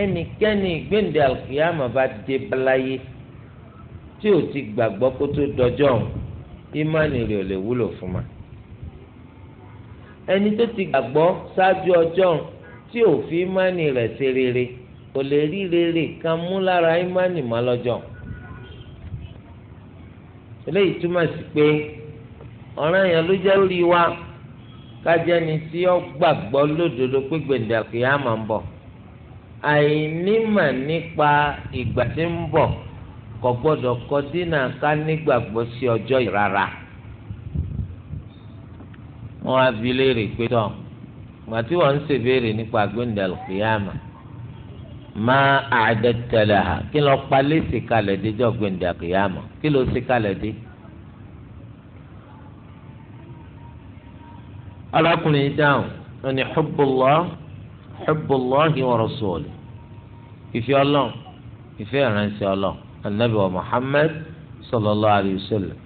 ẹnikẹ́ni gbẹ̀ǹdẹ̀ àlùkìyàmà bá dé balaye tí ò ti gbàgbọ́ kó tó dọjọ́ ọ̀hún ìmánì rẹ̀ ò lè wúlò fún ma ẹni tó ti gbàgbọ́ ṣáájú ọjọ́ ọ̀hún tí ò fi ìmánì rẹ̀ ṣe rere kò lè rí rere kan mú lára ìmánì mọ́ lọ́jọ́ eléyìí túmọ̀ sí pé ọ̀ràn yẹn ló jẹ́ lórí wa kájẹ́ ni tí ó gbàgbọ́ lódodo pé gbèǹdàkì á máa ń bọ̀ àìnímọ̀ nípa ìgbà tí ń bọ̀ kò gbọ́dọ̀ kọ dínà ká nígbàgbọ́ sí ọjọ́ yìí rárá wọn á bi léèrè pé tọ ìgbà tí wọn ń ṣèbéèrè nípa gbẹ̀ndàlùkì yàmà máa hà kí kí dé. arákùnrin dáhùn wọn ni hubbullah hubbullahi wa rasulihi ìfẹ́ ọlọ́run ìfẹ́ ìránṣẹ́ ọlọ́run anabi wa muhammed sallallahu alayhi wa sallam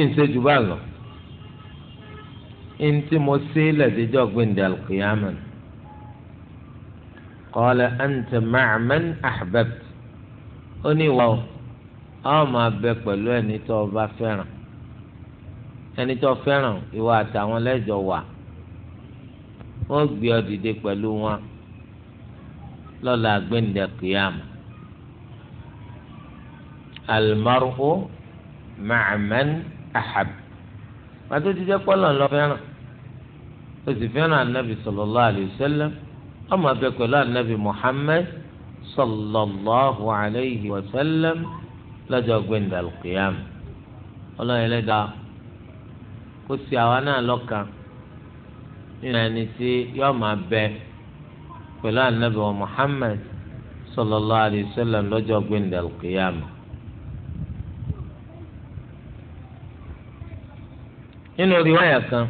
ìǹṣe jù bá lọ ìǹtí mo ṣe lẹ́dẹ̀ẹ́jọ́ gbẹ̀ndẹ̀ alqiyama qala anta ma'a man ahbabta ó ní ìwà ọ máa bẹ pẹ̀lú ẹni tó o bá fẹ́ràn ẹni tó fẹ́ràn ìwà àtàwọn lẹ́jọ́ wà wọ́n gbé ọ dìde pẹ̀lú wọn lọ́la gbẹ̀ǹdẹ̀ kìyàm alimaruhu ma'aman ahab pàtó jíjẹ́ pọ́lọ̀ lọ fẹ́ràn ó sì fẹ́ràn anabi sallallahu alayhi wa sallam ọmọ abẹ pẹ̀lú anabi muhammed sallallahu alayhi wa sallam lọ́jọ́ gbẹ̀ǹdẹ̀ kìyàm ọlọ́run kó sì àwa náà lọ́kàn nínú ẹni tí yóò máa bẹ pẹ̀lú anabi wa muhammed sallallahu alayhi wa sallam lọ́jọ́ gbẹ̀ndẹ̀l kìyàmù. nínú riwaya kan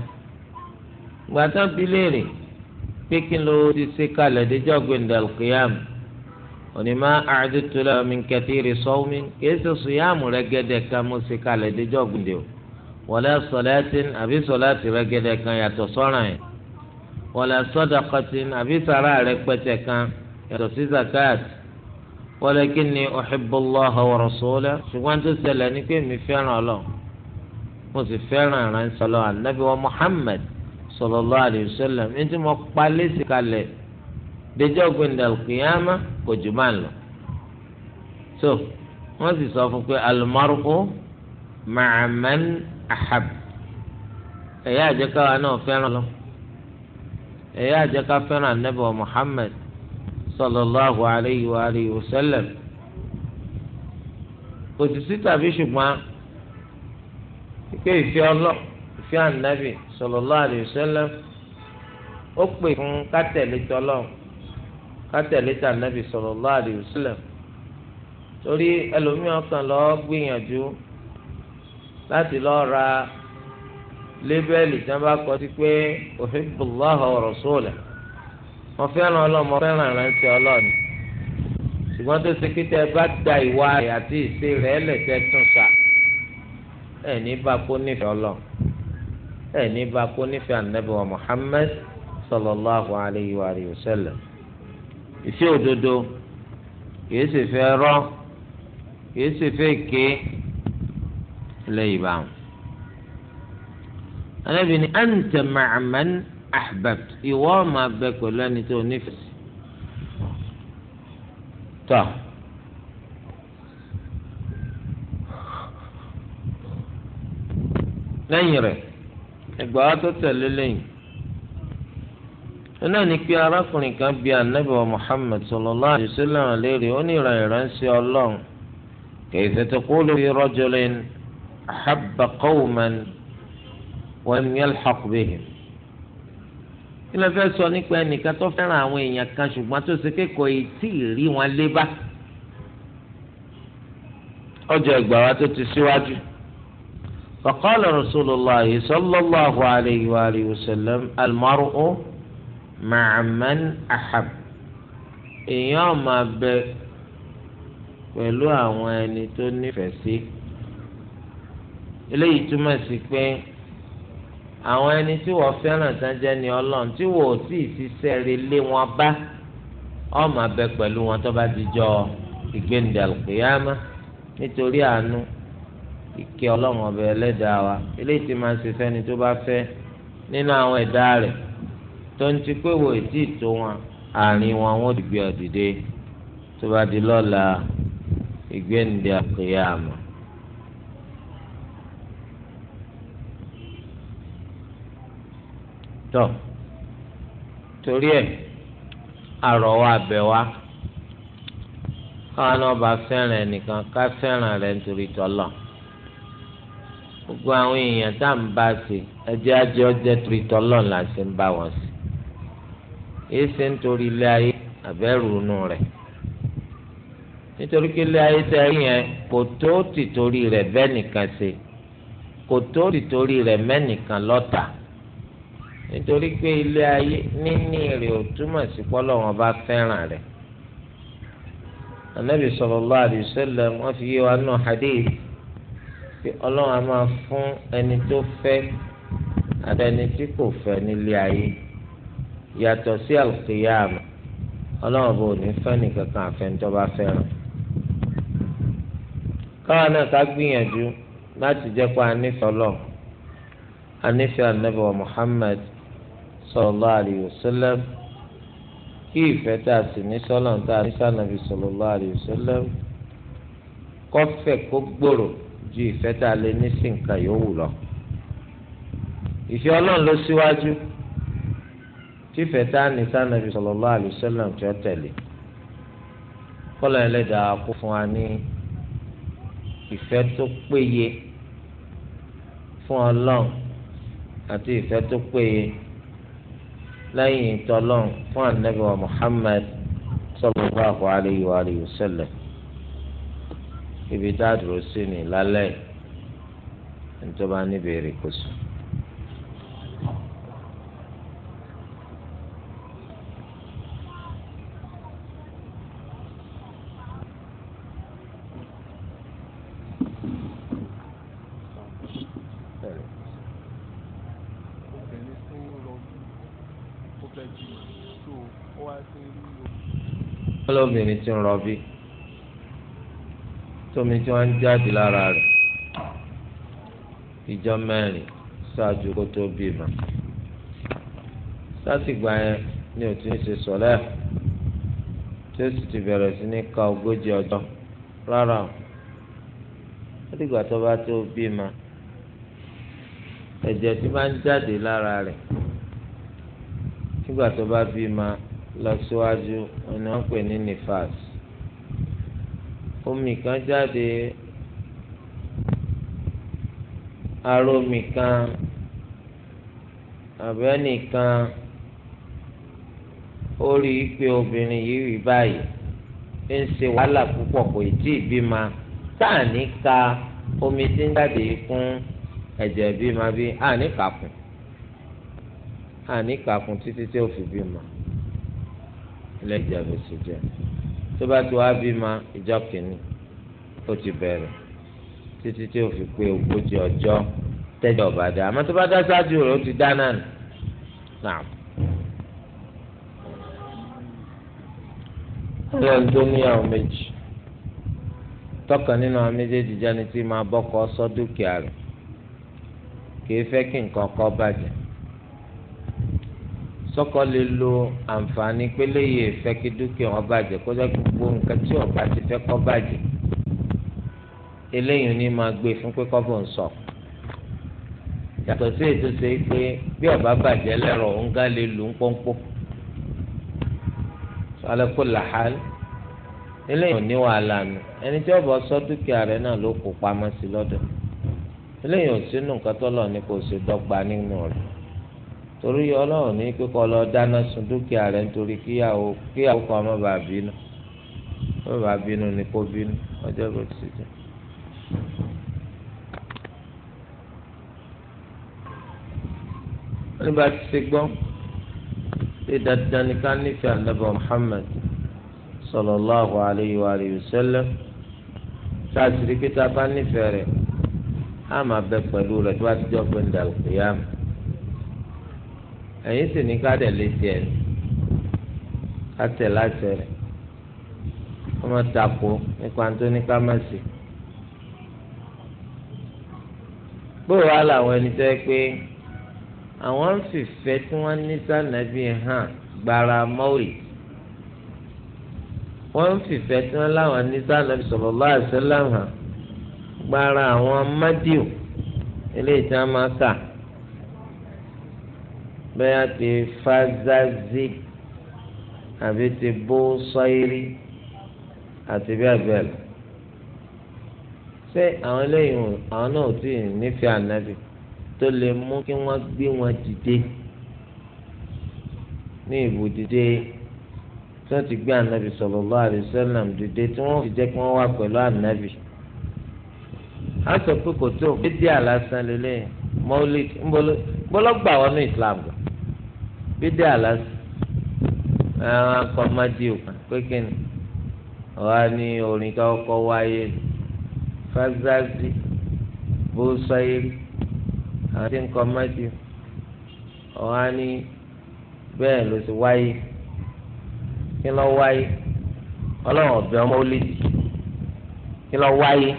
gbàtà bíléèrè pé kí ló ti ṣe kalẹ̀ déjọ́ gbẹ̀ndẹ̀l kìyàmù onímọ̀ àdìtúlẹ̀ min kathiri sawmi kìí ṣe sùyàmù rẹ̀ gẹ́dẹ̀ ká mo ṣe kalẹ̀ déjọ́ gbẹ̀ndẹ̀ o wala salatin àbí sọláàtì rẹ́gẹ́dẹ́ kan yàtọ̀ sọ́ràn yẹn wala sadaqatin àbí sàrà rẹpẹtẹ kan yàtọ̀ sí zakat walakinni uhibbu Allaha wa rasulahu ṣùgbọ́n tó ṣẹlẹ̀ ní pé mi fẹ́ràn ọlọ́ mo sì fẹ́ràn ìránṣẹ́ lọ ànábì wa Muhammad sallallahu alayhi wa sallam ní tí mo pa lẹ́sì kalẹ̀ dẹjọ́ gbẹ̀ndàl kìyàmá kò jù máa lọ. so wọ́n sì sọ fún pé al-mar'u ahab ẹ̀yà àjẹká wa náà lọ ẹ̀yà àjẹká fẹ́ràn anábọ̀ muhammed sallallahu alayhi wa alayhi wa sallam kò tàbí ṣùgbọ́n pé sallallahu alayhi wa sallam ó pè fún sallallahu alayhi wa sallam torí ẹlòmíràn kan lọ́ọ́ gbìyànjú. láti lọ ra lébẹ́lì tí wọ́n bá kọ sí pé uhibbullaha wa rasulahu mo fẹ́ràn ọlọ́run mo fẹ́ràn ìrántí ọlọ́run ṣùgbọ́n tó ṣe kíkẹ́ bá gba ìwà rẹ̀ àti ìṣe rẹ̀ lẹ́sẹ̀ tún sà ẹ̀ ní bá kó nífẹ̀ẹ́ ọlọ́run ẹ̀ bá kó nífẹ̀ẹ́ ànábì wa sallallahu alayhi wa sallam ìṣe òdodo kìí ṣe fẹ́ rọ́ kìí ṣe fẹ́ ké lẹ́yìn báwọn. Ànábì ní anta ma'a man ahbabt ìwọ máa bẹ pẹ̀lú ẹni tó nífẹ̀ẹ́ sí. tọ́ lẹ́yìn rẹ̀ ẹgbà wa tó tẹ̀lé lẹ́yìn iná ní pé arákùnrin kan bí Ànábì wa Muhammad sallallahu alaihi wasallam ó ní ìrànlẹ́rẹ́ ń ṣe ọlọ́run kayfa taqulu fi rajulin. أحب قوما ولم يلحق بهم ilé fẹ́ sọ nípa ẹnìkan tó fẹ́ràn àwọn èèyàn kan ṣùgbọ́n tó ṣe kékòó yìí tí ì rí wọn lé bá ọjọ́ ìgbà wa tó ti síwájú. فقال رسول الله صلى الله عليه وآله وسلم المرء مع من أحب èèyàn máa bẹ pẹ̀lú àwọn ẹni tó nífẹ̀ẹ́ sí eléyìí túmọ̀ sí pé àwọn ẹni tí wọ́n fẹ́ràn tán jẹ́ ni ọlọ́run tí wọ́n ò sì ṣiṣẹ́ rí lé wọn bá ọmọ abẹ pẹ̀lú wọn tó bá ti jọ ìgbéǹde àlùkìyámà nítorí àánú ìkẹ́ ọlọ́run ọbẹ̀ ẹlẹ́dàá wa eléyìí tí máa ṣe fẹ́ni tó bá fẹ́ nínú àwọn ẹ̀dá rẹ̀ tó ń ti pé wò ètí ìtò wọn àárín wọn wọn ò dìgbé ọ̀dìdé tó bá di lọ́la ìgbéǹde àlùkìyámà. tọ́ torí ẹ̀ àrọ̀wọ́ abẹ wa káwọn náà bá fẹ́ràn ẹnìkan ká fẹ́ràn rẹ̀ nítorí tọ́lọ̀ gbogbo àwọn èèyàn tá à ń bá ṣe ẹjẹ́ ajọ́ jẹ́ torí tọ́lọ̀ là ń ṣe ń bá wọn ṣe èyí ṣe ń torí ilé ayé àbẹ́rù inú rẹ̀ nítorí pé ayé tẹ ẹ yẹn kò tó tìtorí rẹ̀ bẹ́ẹ̀ nìkan ṣe kò tó tìtorí rẹ̀ mẹ́nìkan lọ́tà nítorí pé ilé ayé níní rẹ̀ ò túmọ̀ sí pọ́lọ́ wọn bá fẹ́ràn rẹ̀ anabi sallallahu alaihi wasallam wọn fi yé wa nù hadith pé ọlọ́run a máa fún ẹni tó fẹ́ àtẹni tí kò fẹ́ nílé ayé yàtọ̀ sí àlùkìyàmù ọlọ́run bò ní fẹ́ni kankan àfẹnjọba fẹ́ràn. káwa náà ká gbìyànjú láti jẹ́ pé a ọlọ́run a nífẹ̀ẹ́ wa Muhammad sallallahu alayhi wa sallam kí ìfẹ́ tá a sì ní sọ́lá tá a ní sànàbí sallallahu alayhi wa sallam kọ́fẹ̀ kó gbòòrò ju ìfẹ́ tá a lè ní sí nǹkan yòówù lọ. ìfẹ́ ọlọ́run ló síwájú tífẹ̀ tá a ní sànàbí sallallahu alayhi wa sallam tí ó tẹ̀lé kọ́lọ̀ ẹlẹ́dàá kó fún wa ní ìfẹ́ tó péye fún ọlọ́run àti ìfẹ́ tó péye lẹ́yìn tọ́lọ́n fún anabi wa muhammad sallallahu alayhi wa alihi wa sallam ibi tá a dúró sí ni lálẹ́ nítorí wọn ní kò sùn. lóbìnrin tí ń rọbí tómi tí wọ́n ń jáde lára rẹ̀ ìjọ mẹ́rin ṣáájú kó tó bímọ sátìgbà yẹn ni ò ti ń ṣe sọ̀lẹ́ tí ó sì ti bẹ̀rẹ̀ sí ní ka ogójì ọjọ́ rárá o látìgbà tó bá tó bímọ ẹ̀jẹ̀ tí máa ń jáde lára rẹ̀ nígbà tó bá bímọ lọ síwájú ni wọ́n pè ní nifas omi kan jáde arómi kan àbẹ́nìkan ó rí i pé obìnrin yìí rí báyìí ń ṣe wàhálà púpọ̀ kò tí ì bímọ táà ní ka omi tí ń jáde yìí ẹ̀jẹ̀ bímọ bí àníkàkùn àníkàkùn títí tí ó fi bímọ. lẹ́jà bẹ̀sẹ̀ jẹ́ tó bá ti wá ma ìjọ kìíní ó ti bẹ̀rẹ̀ títí tí ó fi pé ogójì ọjọ́ tẹ́jọ́ ọba dá àmọ́ tó bá dá sáájú rẹ̀ ó ti dá náà nà. ọlọ́run tó níyàwó méjì tọkàn nínú àwọn méjèèjì jáni tí máa bọ́kọ sọ dúkìá rẹ̀ kì í fẹ́ kí nǹkan kọ́ bàjẹ́ sọkọ lè lo àǹfààní pélé yìí fẹ́ kí dúkìá wọn bàjẹ́ kó jẹ́ gbogbo nǹkan tí ọba ti fẹ́ kó bàjẹ́ eléyìí ni máa gbé fún pé kọ́bọ̀ ń sọ yàtọ̀ sí ètò ṣe é pé bí ọba bàjẹ́ lẹ́rọ̀ ń gá lè lù ń pọ́npọ́ alẹ́kó làhálì eléyìí ò ní wàhálà nù ẹni tí ọba sọ dúkìá rẹ̀ náà ló kó pamọ́ sí lọ́dọ̀ eléyìí ò sínú nǹkan tó lọ ní kò sí dọ́gba nínú rẹ̀ torí ọlọ́run ní kíkọ́ lọ dáná sun dúkìá rẹ̀ nítorí kíyàwó kíyàwó kan má bàa bínú má bàa bínú ni kó bínú ọjọ́ bó ti jẹ́. nígbà tí ṣe gbọ́ ṣe dandan ni ká nífẹ̀ẹ́ anábọ̀ Muhammad sallallahu alayhi wa sallam sáà sì rí pé tá a bá nífẹ̀ẹ́ rẹ̀ á máa bẹ pẹ̀lú rẹ̀ tó bá ti jọ́ pé ń dàrú kìyàmù ẹ̀yin sì ní ká dẹ̀ lé tiẹ̀ ní ká tẹ̀ láti rẹ̀ kó má dàpọ̀ nípa tó ní ká má sí. bóyá wà láwọn ẹni tẹ́ pé àwọn ń fìfẹ́ tí wọ́n ní sànàbí hàn gbára mọ́ọ̀lì wọ́n ń fìfẹ́ tí wọ́n láwọn ní sànàbí sallallahu alaihi wasallam gbára àwọn mádìó eléyìí tí wọ́n máa kà bẹ́ẹ̀ ti fazazi àbí ti bó sọ́yìrì àti bẹ́ẹ̀ bẹ́ẹ̀ lọ. ṣé àwọn eléyìí àwọn náà ò tí ì nífẹ̀ẹ́ ànábì tó lè mú kí wọ́n gbé wọn dìde ní ìbò dìde tí wọ́n ti gbé ànábì sallallahu alaihi wasallam dìde tí wọ́n fi jẹ́ kí wọ́n wà pẹ̀lú ànábì. a sọ pé kò tó bídíà lásán lélẹ́yìn mọ́lìd ńbọ́lọ́gbà wọnú ìsìlámù. bídẹ́ àlásì àwọn akọ́mádìó kékeré wà ní orin kọ́kọ́ wáyé fazazi bóṣáyé àwọn tí ń kọ́mádìó wà ní bẹ́ẹ̀ ló ti wáyé kí ló wáyé ọlọ́run ọ̀bẹ ọmọ olídìí kí ló wáyé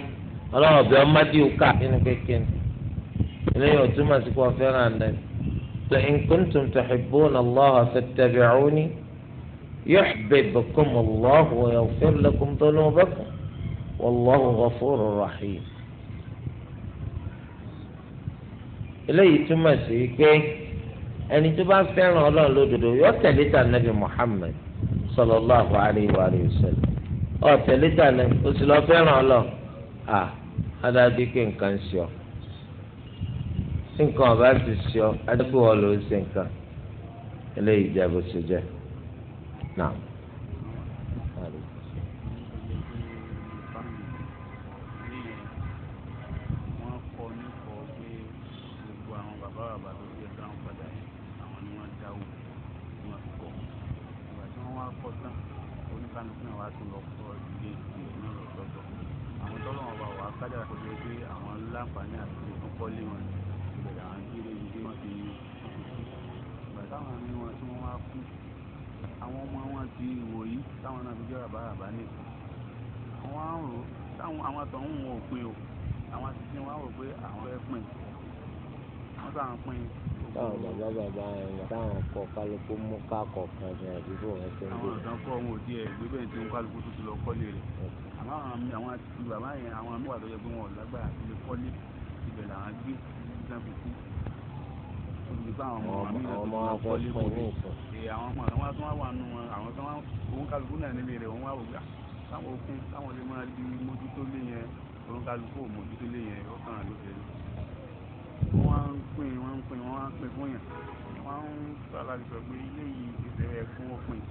ọlọ́run ọ̀bẹ ọmọdéwù ká nínú kékeré eléyìí ò túmọ̀ sí pé ọ فإن كنتم تحبون الله فاتبعوني يحببكم الله ويغفر لكم ذنوبكم والله غفور رحيم eléyìí túmọ̀ sí pé ẹni tó bá fẹ́ràn ọlọ́run lódodo yóò tẹ̀lé tà nàbì Muhammad sallallahu alayhi wa sallam ó tẹ̀lé tà nàbì ó sì lọ fẹ́ràn ọlọ́run à á dájú pé nǹkan ń ṣe ọ́. tí nǹkan ọba ti sọ adékòwò ló ń ṣe nǹkan eléyìí jẹ bó ṣe jẹ náà. táwọn náà fi jọ ràbáràbá nìkan àwọn àrùn táwọn àwọn àtọ̀hún wọn ò pin o àwọn àtìsí wọn á pé àwọn fẹ́ pin wọn sàn pin. táwọn bàbá bàbá ẹ̀yà táwọn kọ kálukú mú ká kọ̀ọ̀kan ní àdúgbò wọn tó ń gbé. àwọn ọ̀dàn kọ́ wọn ò ẹ̀ gbé bẹ́ẹ̀ tí wọ́n kálukú tó ti lọ kọ́lé rẹ̀ àwọn àtìsí bàbá yẹn àwọn amúwà tó yẹ pé wọn lágbára àti àwọn ọmọ àwọn tó wá wà nù wọn àwọn tó wá òun kálukú náà níbi rẹ̀ òun wá ògbà táwọn okun táwọn lè máa di mójútó lé yẹn òun kálukú ò mójútó lé yẹn ó kàn án ló fẹ́ẹ́ wọ́n ń pín wọ́n ń pín wọ́n ń pín fún yàn wọ́n ń sàlàyé sọ pé ilé yìí ti bẹ̀rẹ̀ fún òpin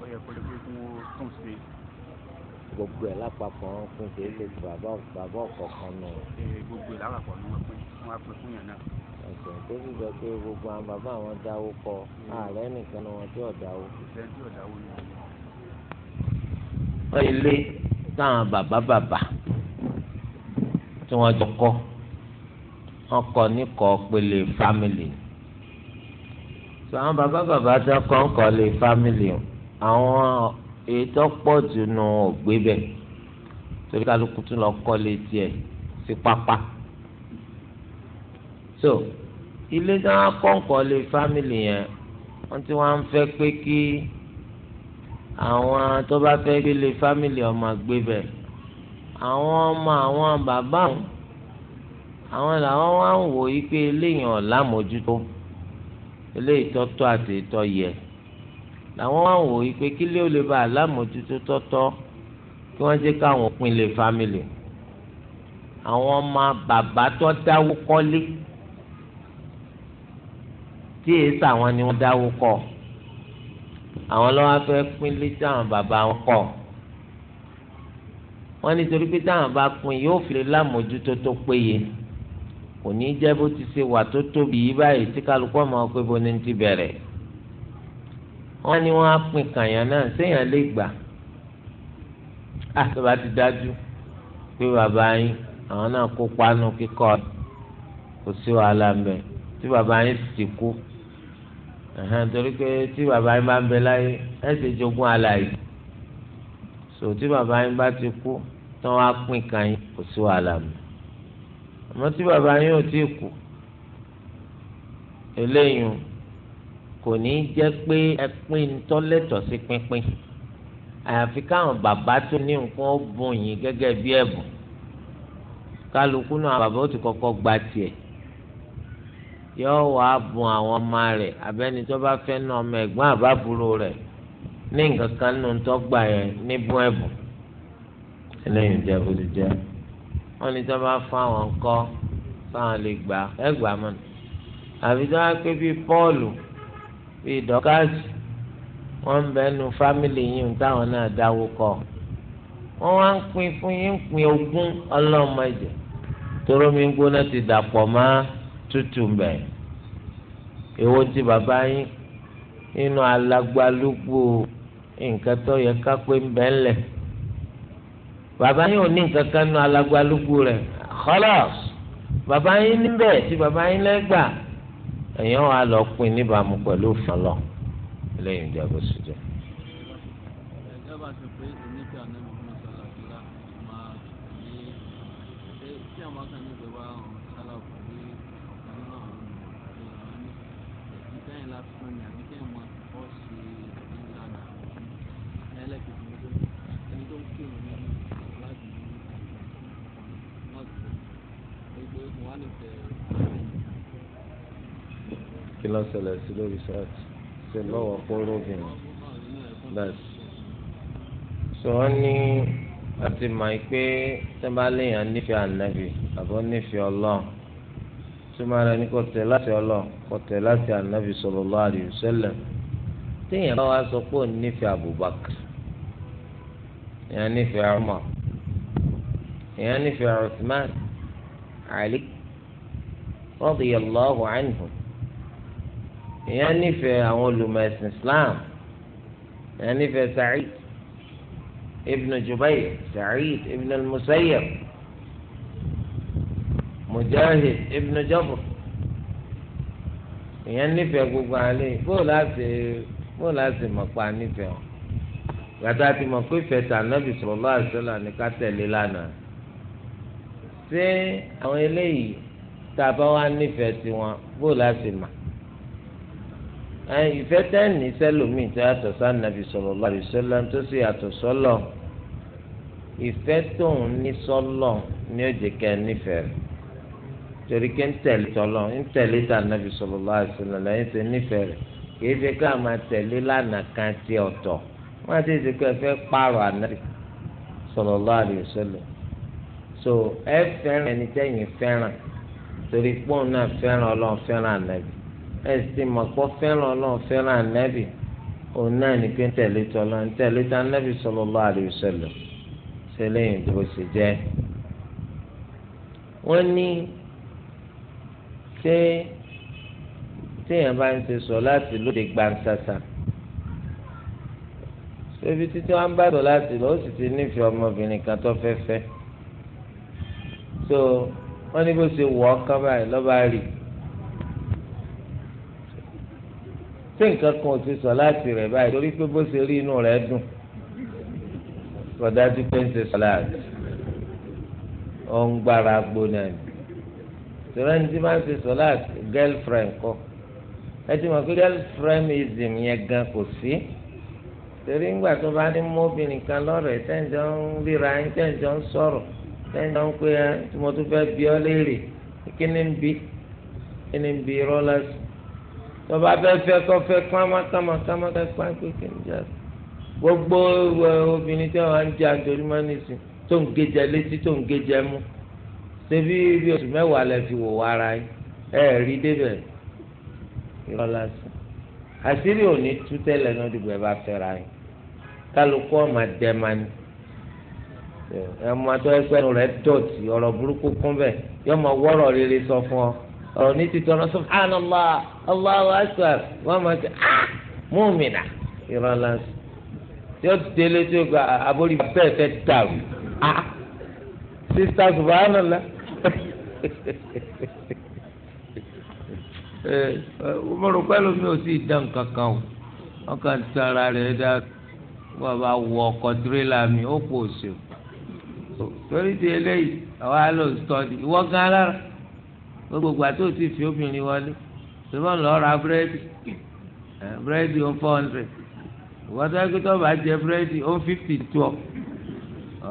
ó yẹ kó lè pé fún tún ṣe. gbogbo ẹ̀ lápapọ̀ ń pín kí lè bàbá ọ̀kọ̀ọ̀kan nù. gbogbo ẹ̀ lápapọ̀ ni wọ́n wọ́n á pín fún yàn náà ẹ̀sìn tó sì jọ pé gbogbo àwọn bàbá àwọn dáwó kọ hmm. ààrẹ nìkan ni wọn tí ò dáwó. wọ́n ilé táwọn bàbá bàbá tí wọ́n jọ kọ́ wọ́n kọ́ níkọ́ pélé fámìlì so àwọn bàbá bàbá tí wọ́n kọ́ ń kọ́ lé fámìlì àwọn ètò pọ̀ jù nù ògbé bẹ́ẹ̀ torí kálukú tún lọ kọ́ lé tiẹ̀ sí pápá so ilé tí wọ́n kọ́ńkọ́ lé fámìlì yẹn wọ́n ti wọ́n fẹ́ pé kí àwọn tó bá fẹ́ gbé lé fámìlì ọmọ gbé bẹ̀ àwọn ọmọ àwọn bàbá wọn àwọn làwọn wá ń wò yí pé eléyàn lámòjútó eléyìí tọ́tọ́ àti ìtọ́ yẹ làwọn wá ń wò yí pé kí lé ó lè bá àlámòjútó tọ́tọ́ kí wọ́n jẹ́ káwọn pín lé fámìlì àwọn ọmọ bàbá tó dáwó kọ́lé tí èyí sàwọn ni wọ́n dáwó kọ́ àwọn lọ́wọ́ fẹ́ pín lé táwọn bàbá wọn kọ́ wọ́n nítorí pé táwọn bá pín yóò fi lámòjútó tó péye kò ní jẹ́ bó ti ṣe wà tó tóbi yìí báyìí tí kálukú ọmọ pé bo ni ti bẹ̀rẹ̀ wọ́n ní wọ́n á pín kàyàn náà séèyàn lè gbà ah, á ti dájú pé bàbá yín àwọn náà kópa nù kíkọ́ kò sí wàhálà ń bẹ tí bàbá yín sì ti kú torí pé tí bàbá yín bá ń bẹ láyé ẹ sì jogún alàyè so tí bàbá yín bá ti kú tán wá pín kan yín kò sí wàhálà mi àmọ́ tí bàbá yín ò tíì kú eléyìí kò ní í jẹ́ pé ẹ pín tọ́lẹ̀tọ̀ sí pínpín àyàfi káwọn bàbá tó ní nǹkan ó bùn yín gẹ́gẹ́ bí ẹ̀bùn kálukú náà bàbá ó ti kọ́kọ́ gba tiẹ̀ yóò wá bùn àwọn ọmọ rẹ̀ abẹ́ni tó bá fẹ́ na ọmọ ẹ̀gbọ́n àbábúrò rẹ̀ ní nǹkan kan nínú tó gbà yẹn níbùn ẹ̀bùn eléyìí jẹ́ bó ti jẹ́ wọ́n ní tó bá fún àwọn ńkọ́ fáwọn lè gbà ẹgbàá mọ́ àbí tó wá pé bíi Pọ́ọ̀lù bíi dọ́kàsì wọ́n ń bẹ nu fámìlì yìí táwọn náà dáwó kọ́ wọ́n wá ń pín fún yín pín ogún ọlọ́mọdé torómi gbóná ti dàpọ̀ máa tútù mbẹ èwo ti bàbá yín nínú alágbálúgbò nǹkan tó yẹ ká pé mbẹ ńlẹ bàbá yín ò ní nǹkan kan nínú alágbálúgbò rẹ khalas bàbá yín níbẹ̀ tí bàbá yín lẹ́gbàá èèyàn wà lọ pin níbàámu pẹ̀lú òfin lọ lẹ́yìn ìjọba òṣèjọba. lọ ṣẹlẹ̀ sí lórí sọ́ọ̀tì ṣe lọ́wọ́ kóró obìnrin bẹ́ẹ̀ sọ wọ́n ní àti mọ̀ pé tẹ́bá léèyàn nífẹ̀ẹ́ ànábì àbọ̀ nífẹ̀ẹ́ ọlọ́run túmọ̀ rẹ̀ ní kò tẹ̀ láti ọlọ́run kò tẹ̀ láti ànábì sallallahu alaihi wasallam téèyàn bá wá sọ pé òun nífẹ̀ẹ́ Abubakar èèyàn nífẹ̀ẹ́ Umar èèyàn nífẹ̀ẹ́ Uthman Ali radiyallahu anhum èèyàn nífẹ̀ẹ́ àwọn olùmọ̀ ẹ̀sìn Islam èèyàn nífẹ̀ẹ́ Sa'id ibn Jubayr Sa'id ibn al-Musayyab Mujahid ibn Jabr èèyàn nífẹ̀ẹ́ gbogbo àlẹ́ bóò láti bóò láti mọ̀ pa nífẹ̀ẹ́ wọn gbàtà ti mọ̀ pé fẹ̀tà nàbì sallallahu alaihi wasallam ní ká tẹ̀lé lánàá ṣé àwọn eléyìí tá a bá wá nífẹ̀ẹ́ tiwọn bóò láti mọ̀ ìfẹ́ tẹ́ẹ̀nì sẹ́lòmíì tó yàtọ̀ sànàbì sallallahu alaihi wasallam tó sì yàtọ̀ sọ́lọ̀ ìfẹ́ tóun ní sọ́lọ̀ ní ó jẹ́ kẹ́ nífẹ̀ẹ́ torí ké ń tẹ̀lé tọ́lọ̀ ń tẹ̀lé sànàbì sallallahu alaihi wasallam lẹ́yìn tó nífẹ̀ẹ́ rẹ̀ kìí ṣe ká máa tẹ̀lé lánàá kan ti ọ̀tọ̀ wọ́n á ti ṣe fẹ́ pààrọ̀ ànábì sallallahu alaihi wasallam so ẹ fẹ́ràn ẹni tẹ́yìn ẹsìn mọ̀pọ̀ fẹ́ràn ọlọ́run fẹ́ràn ànábì òun náà ní pé ń tẹ̀lé tọ́lọ́ ń tẹ̀lé tí ànábì sallallahu alaihi wasallam ṣe lẹ́yìn bó ṣe jẹ́. wọ́n ní ṣé téèyàn bá ń ṣe sọ láti lóde gbansasa ṣébi títí wọn bá sọ láti lọ ó sì ti nífẹ̀ẹ́ ọmọbìnrin kan tó fẹ́ fẹ́ so wọ́n ní bó ṣe wọ̀ ọ́ kábàáyé lọ́ba rí i. tí nǹkan kan ò ti sọ láti rẹ̀ báyìí torí pé bó ṣe rí inú rẹ̀ dùn kọdájú pé ń ṣe sọ láti ó ń gbára gbóná ni tòrọ ní tí máa ń ṣe sọ láti girlfriend kọ ẹ ti mọ̀ pé girlfriendism yẹn gan kò sí torí ńgbà tó bá ní mọ́bìnrin kan lọ́rọ̀ ẹ̀ tẹ́ǹjọ́ ń ríra ẹ̀ tẹ́ǹjọ́ ń sọ̀rọ̀ tẹ́ǹjọ́ ń pé ẹ tí mo tún fẹ́ bí ọ léèrè kí ni ń bí kí ni ń bí irọ́ tọba fẹ́ fẹ́ kọ fẹ́ kpama kama kama kẹ kpa kéke níjà gbogbo obìnrin tí wọn ń jẹ àjọyọmọnìsì tó ń gejẹ létí tó ń gejẹ mú ṣebí bí oṣù mẹ́wàá lẹ fi wò wára yìí ẹ rí débẹ̀ irọ́ lásán àṣírí òní tú tẹ́lẹ̀ náà dìgbò ẹ bá fẹ́ra yìí kálukú ọmọ dẹmani ẹ mọ àtọ ẹgbẹnu rẹ dọ̀tí ọ̀rọ̀ burúkú kún bẹ yọmọ wọrọ rere sọ fún ọ ọ̀rọ̀ ní ti tọrọ subhanallah allahu akbar wọ́n máa ti múmìnà ìrọ̀lẹ́sì tí ó délé tí ó gba àbórí bẹ́ẹ̀ fẹ́ dàrú ah, sista subhanallah eh, mo rò pé lómi ò sí ìdán kankan o wọn kàn ti ara rẹ̀ dá wọn bá wọ ọkọ̀ tirẹ́là mi ó pọ̀ sí o torí ti eléyìí àwa ló ń sọ ìwọ gan alára gbogbo àti òtí fi obìnrin wọlé ṣùgbọ́n lọ́ọ́ ra búrẹ́dì búrẹ́dì ó four hundred ìwọ́n tó ẹgbẹ́ tó bá jẹ búrẹ́dì ó fifty two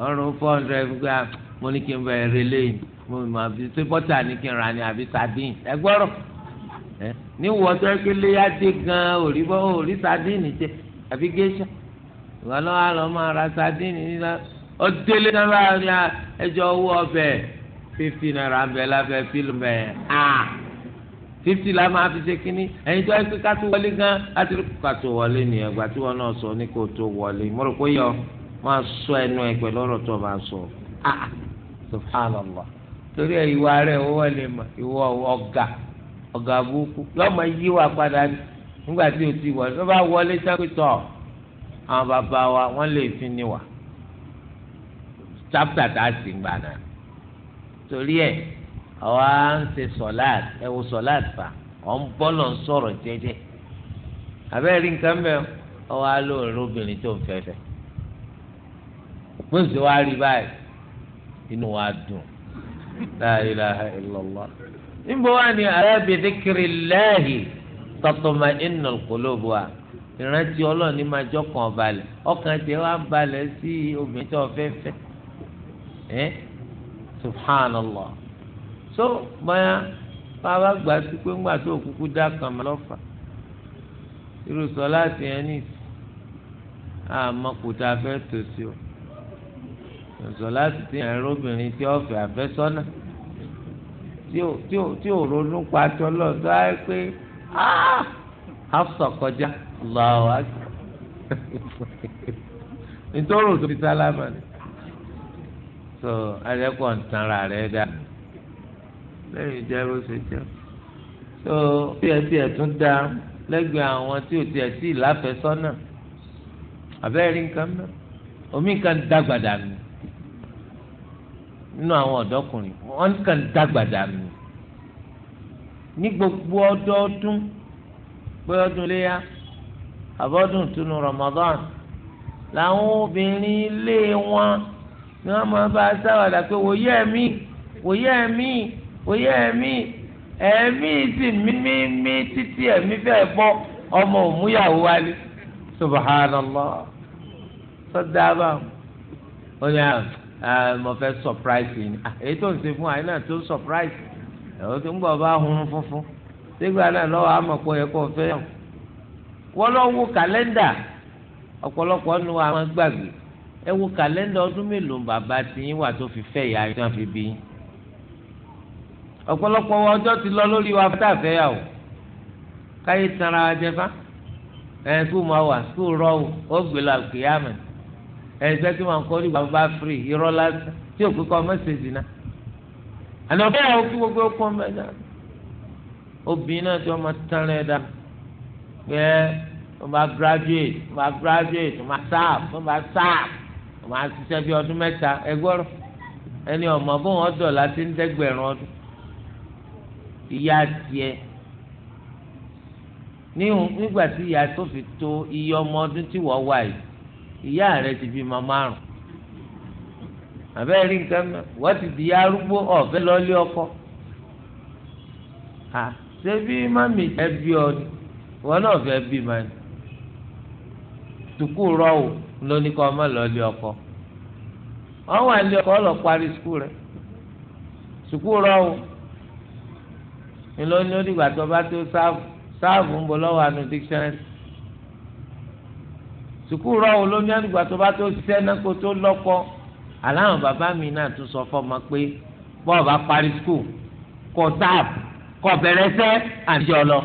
ọ̀rùn four hundred gbà mo ní kí n bẹ̀rẹ̀ rẹ lẹ́yìn mo mọ̀ àbí tó bọ́tà ní kí n ra ni àbí sardine ẹ gbọ́rọ̀ ní ìwọ́n tó ẹgbẹ́ léyà dé gan òrí bọ́ òrí sardine jẹ àbí géṣà ìwọ́n lọ́wọ́ àlọ́ máa ra sardine nílá ó náà bá ẹjọ́ owó ọbẹ̀ fifty naira ń bẹ lábẹ́ fílù mẹ́ ah fifty la máa fi ṣe kínní ẹ̀yin tó ẹ pé ká tó wọlé gan láti rí ká tó wọlé nìyẹn ìgbà tí wọn náà sọ ní kó tó wọlé mo rò pé yọ máa sọ ẹnu ẹ pẹ̀lú ọ̀rọ̀ tó máa sọ ah subhanallah torí ẹ ìwà rẹ ó wọlé mọ ìwọ ọ̀gá ọ̀gá burúkú lọ́mọ yíwà padà nígbà tí o ti wọlé tó bá wọlé sápẹ́tọ̀ àwọn bàbá wa wọ́n lè fi ni wà chapter tá a sì ń gbà náà torí ẹ̀ àwa ń ṣe sọ̀láàd ẹ wo sọ̀láàd fà ọ̀ ń bọ́lọ̀ ń sọ̀rọ̀ jẹ́jẹ́ àbẹ́rẹ́ rí nǹkan mẹ́ ọ wá lóòrò obìnrin tó ń fẹ́fẹ́ gbọ́n sì wá rí báyìí inú wa dùn la ilaha illallah níbo wá ní ala bi dhikrillahi tatma'innul qulub wa ìrántí ọlọ́run ní máa jọ́ kàn balẹ̀ ọkàn tẹ wá balẹ̀ sí obìnrin tó fẹ́fẹ́ ẹ́ subhanallah so bóyá bàbá gbà sí pé ńgbà tó kúkú dá kan mọ́ lọ́fà irú sọ láti yẹn ní àmọ́ kò tá a fẹ́ tó sí o sọ láti tí yẹn róbìnrin tí ọ̀fẹ́ àfẹ́sọ́nà tí ò ronú pa aṣọ lọ́ọ̀ tó á pé afsọ kọjá lọ́wọ́ nítorí òtún fi sálámà ni so adẹ́kọ̀ ń tan ara rẹ̀ dà lẹ́yìn jẹ́ ló ṣe jẹ́ so tiẹ̀ tiẹ̀ tún da lẹ́gbẹ̀ẹ́ àwọn tí ò tiẹ̀ sí ìláfẹ́sọ́nà àbẹ́rẹ́ nǹkan mọ́ omi kan dàgbàdà mi nínú àwọn ọ̀dọ́kùnrin wọ́n kàn dàgbàdà mi ní gbogbo ọdọọdún pé ọdún léyà àbọ̀dún túnú Ramadan làwọn obìnrin ilé wọn ni wọ́n máa bá a sáwàdà pé wòye ẹ̀mí wòye ẹ̀mí wòye ẹ̀mí ẹ̀mí sì mímímí títí ẹ̀mí fẹ́ bọ́ ọmọ òmúyàwó wálé subhanallah sọdá bá wọn ó ní mo fẹ́ surprise yìí èyí tó ń ṣe fún àyínà tó surprise ẹ̀rọ tó ń bọ̀ bá hun funfun sígbà náà lọ́wọ́ àmọ̀pọ̀ yẹ kó fẹ́ wọ́n lọ kàlẹ́ndà ọ̀pọ̀lọpọ̀ nu àwọn gbàgbé ẹ wo kàlẹ́ndà ọdún mélòó bàbá tiyín wà tó fi fẹ́ ìyá tí wọ́n fi bí ọ̀pọ̀lọpọ̀ ọjọ́ ti lọ lórí wa fún àfẹ́yàwó káyé tanra jẹfá ẹ̀ skul máa wà skul rọ o ó gbé lọ àkùyàmẹ̀ ẹ̀ ṣẹ́ tí wọ́n kọ́ ní bàbá firi irọ́ lásán tí òkú kọ́ mẹ́sẹ̀jì náà àná ọ̀bẹ́ yà kí gbogbo kọ́ mẹ́ta obìnrin náà tí wọ́n máa tanra ẹ̀ dá pé wọ́n bá graduate wọ́n bá graduate wọ́n bá sáà wọ́n bá sáà màá ṣiṣẹ́ bí ọdún mẹ́ta ẹgbọ́rọ̀ ẹni ọmọ bó wọn dọ̀ láti ń dẹ́gbẹ̀rún ọdún ìyá tiẹ̀ nígbà tí ìyá tó fi tó iye ọmọ ọdún tí wọ́n wà yìí ìyá rẹ̀ ti bímọ márùn àbẹ́rẹ́ rí nǹkan mọ́ wọ́n ti di arúgbó ọ̀fẹ́ lọ́lé ọkọ à ṣé bí mami ẹ bí ọ ni wọn náà fẹ́ bí mami tùkú rọ o lóní kọ́ ọmọ lọ lé ọkọ wọ́n wà lé ọkọ lọ parí sukù rẹ̀ sukù rọ o ńlọni ó dìgbà tó bá tó sáàbù sáàbù ń bọ̀ lọ́wọ́ àánú dictionary sukù rọ o lóní ó dìgbà tó bá tó ṣiṣẹ́ náà kó tó lọ́kọ aláwọn bàbá mi náà tún sọ fọ́mọ pé bọ́ọ̀ bá parí sukù kọ sáàbù kọ bẹ̀rẹ̀ sẹ́ àjọ lọ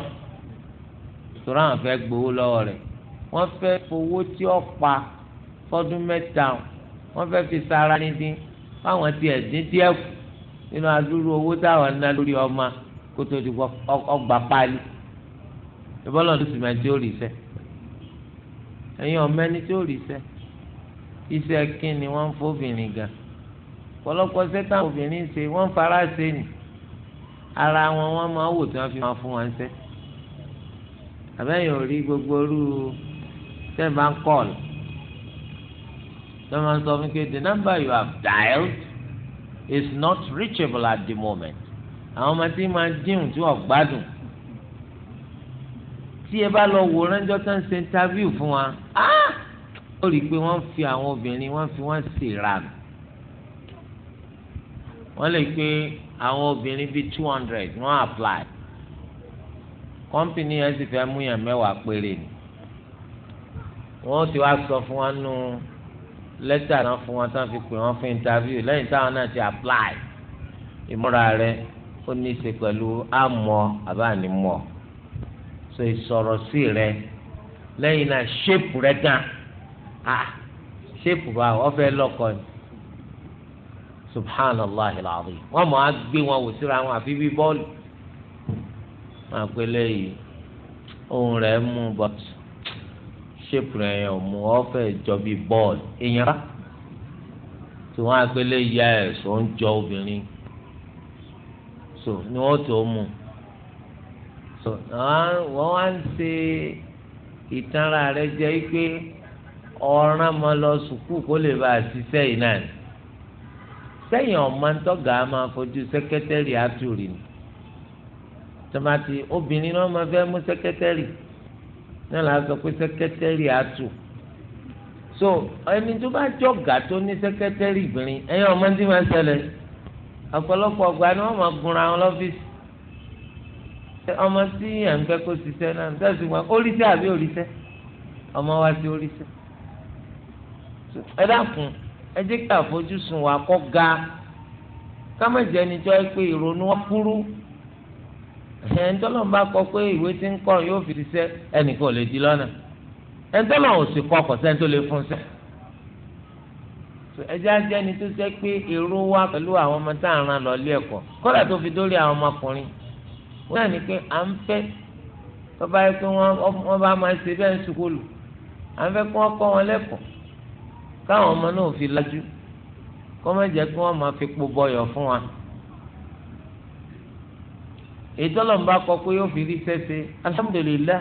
sọ̀rọ̀ àwọn fẹ́ gbowó lọ́wọ́ rẹ̀ wọ́n fẹ́ fowó tí ó pa fọdún mẹ́ta wọ́n fẹ́ fi sara ní dín fáwọn tiẹ̀ dín díẹ̀ kù nínú adúrú owó táwọn ná lórí ọmọ kótó ti ọgbà pálí ìbọ́lọ̀ ló sì máa tí ó rí sẹ́ ẹ̀yin ọmọ ẹni tí ó rí sẹ́ iṣẹ́ kí ni wọ́n ń fóbìnrin gan pọ̀lọpọ̀ sẹ́tà obìnrin ṣe wọ́n ń fara ṣe ni ara wọn wọ́n máa wò tí wọ́n fi máa fún wọn ṣẹ́ àbẹ́yìn ò rí gbogbo orú tẹ́ẹ̀ bá ń kọ́ọ̀lù ló máa ń the number you have dialed is not reachable at the moment àwọn ọmọ tí máa díhùn tí wọ́n gbádùn tí ẹ bá lọ wò ránjọ́ tó ń ṣe interview fún wa ah! ó rí i pé wọ́n fi àwọn obìnrin wọ́n fi wọ́n sì rànù wọ́n lè pé àwọn obìnrin bíi two hundred wọ́n apply kọ́mpìnì yẹn sì fẹ́ mú yàn mẹ́wàá péré ni wọ́n ti wá sọ fún wa nù. No, lẹ́tà náà fún wọn tán fi pè wọ́n fún interview lẹ́yìn táwọn náà ti apply ìmúra rẹ ó ní í ṣe pẹ̀lú àmọ́ àbáànímọ́ so ìsọ̀rọ̀ sí rẹ lẹ́yìn náà ṣépù rẹ gan ah ṣépù bá wọ́n fẹ́ lọ́kọ ni subhanallah alazim wọ́n mọ̀ á gbé wọn wò síra wọn àfi bí bọ́ọ̀lù wọn àpẹẹlẹ yìí ohun rẹ̀ mú bọ́ọ̀lù ṣépù rẹ̀ yẹn ò mú ọ fẹ́ jọ bí bọ́ọ̀lù ìyẹnra tí wọ́n agbélé ya ẹ̀ ń jọ obìnrin so ni wọ́n tó mú so wọ́n wá ń ṣe ìtanra rẹ̀ jẹ́ pé ọ̀ràn mọ́ lọ sùkúù kó lè bá a ṣiṣẹ́ yìí náà ni sẹ́yìn ọ̀ma ń tọ́gà á máa fojú sẹ́kẹ́tẹ́rì àtúrì ni tọ́mátì obìnrin náà máa fẹ́ mú sẹ́kẹ́tẹ́rì náà la sọ pé sẹkẹtẹrì àtù so ẹni tó bá jọ̀gá tó ní sẹkẹtẹrì ìbìrin ẹ̀yin ọmọ ní ma ṣẹlẹ̀ ọ̀pọ̀lọpọ̀ ọgbà ni wọ́n máa gunra wọn lọ́fíìsì ọmọ tí à ń fẹ́ kó ṣiṣẹ́ náà ń tẹ̀sí wọn oríṣẹ́ àbí oríṣẹ́ ọmọ wa sí oríṣẹ́ ẹ dákun ẹ jẹ́ kí àfojúsùn wa kọ́ ga ká má jẹ́ ẹni tó ẹ pé ìrònú wọn kúrú ẹ̀ńtọ́lọ́n bá kọ pé ìwé tí ń kọ́ yóò fi ṣiṣẹ́ ẹnìkan ò lè di lọ́nà ẹ̀ńtọ́lọ́n ò sì kọ́ tó lè fún ṣẹ́. ẹjẹ́ tó pé èrò wá pẹ̀lú àwọn ọmọ tá à ń ẹ̀kọ́ Kọ́lá tó fi dórí àwọn ọmọkùnrin wọ́n náà ní pé à ń fẹ́ tó bá yẹ pé wọ́n bá máa ṣe ọmọ èyí tó lọ́nba kọ pé yóò fi rí sẹ́sẹ́ alhamdulillah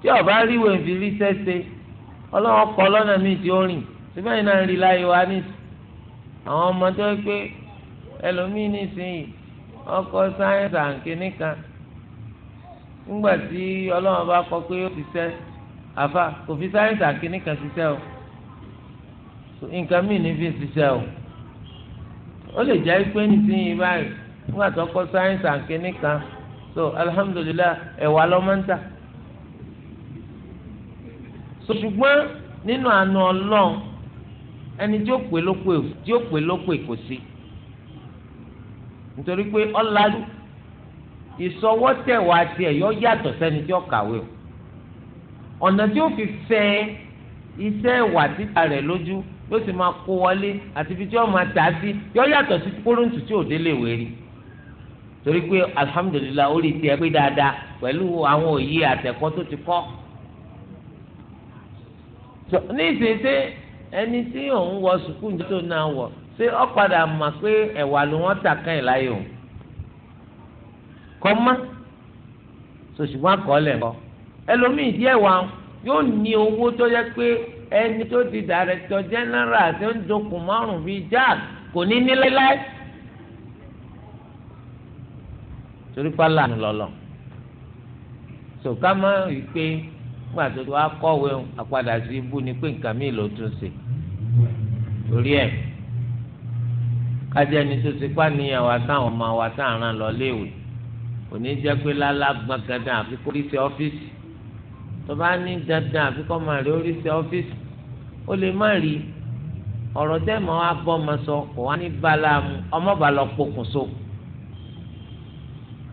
tí ọba ríwò fi rí sẹ́sẹ́ ọlọ́wọ́ kọ lọ́nà míì tí ó rìn síbẹ̀ yìí náà ń rí láyé wa ní àwọn ọmọ tó ń pé ẹlòmíì nísìnyí ọkọ sáyẹ́nsì àǹkíní kan nígbà tí ọlọ́wọ́ bá kọ pé yóò fi sẹ́ àfa kò fi sáyẹ́nsì àǹkíní kan ṣiṣẹ́ o nǹkan míì ní fi ṣiṣẹ́ o ó lè jẹ́ pé nísìnyí báyìí. nígbà tó kọ sáyẹ́nsì àǹkíní kan so alihamudulilayi ẹ̀wà lọ́mọ ń tà. so ṣùgbọ́n nínú àna ọlọ́run ẹni tí ó pè lóko tí ó pè lóko kò sí nítorí pé ọ̀làjú ìsọwọ́tẹ̀wá tiẹ̀ yọ yàtọ̀ sẹ́ni tí ó kàwé o ọ̀nà tí ó fi fẹ́ iṣẹ́ ìwà títà rẹ̀ lójú yóò sì máa kó wọlé àti ibi tí ó máa tà á sí yọ yàtọ̀ sí kúrúǹtù tí ò délé rí. torí pé alihamudulilayi ó lè tiẹ̀ pé dáadáa pẹ̀lú àwọn òye àtẹ̀kọ́ tó ti kọ́ ní ìsinsìn ẹni tí òun wọ sùkúù tó náà wọ̀ ṣé ọ padà mọ̀ pé ẹ̀wà ló wọ́n tà kàn yín láyé òun kọ́ mọ́ sòṣùgbọ́n àkọọ́lẹ̀ kọ́ ẹlòmíì díẹ̀ wà yóò ní owó tó yẹ pé ẹni tó di dàrẹ́tọ̀ jẹ́nẹ́rà tó ń dokùn márùn-ún bíi jack kò ní nílẹ̀ láyé. torí pálá ni lọlọ sọká máa ń pé nígbà tó wá kọ̀wé àpadà sí ibú ni pé nǹkan mi ló tún ṣe torí ẹ̀ kájẹ ni tó ti pa níyàn wa táwọn ọmọ wa táwọn lọ léèwé òní jẹ́ pé lálá gbọn dandan àfi kó rí sí ọ́fíìsì tó bá ní dandan àfi kó máa rí ó sí ọ́fíìsì ó lè má rí ọ̀rọ̀ tẹ́ mọ́ abọ́ ọmọ sọ kò wá ní balamu ọmọ bá lọ pokùn so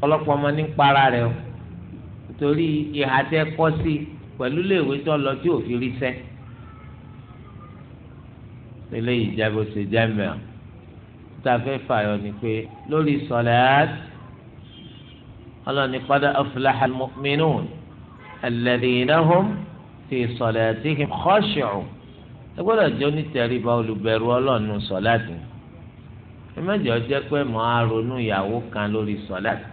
ọlọ́pàá ọmọ ní para rẹ̀ o torí ìhà tẹ kọ́ sí pẹ̀lú léèwé tó lọ tí òfin rí sẹ́ eléyìí jábọ̀ ṣe jámẹ́ ọ́ tá a fẹ́ fààyàn ni pé lórí sọ̀láàt ọlọ́ni qada aflaha al-mu'minun alladhina hum fi salatihim khashi'un ẹ gbọ́dọ̀ jẹ́ onítẹ̀ríba olùbẹ̀rù ọlọ́ọ̀nù sọ̀láàtì ẹ mẹ́jọ jẹ́ pé mọ́ á ronú ìyàwó kan lórí sọ̀láàtì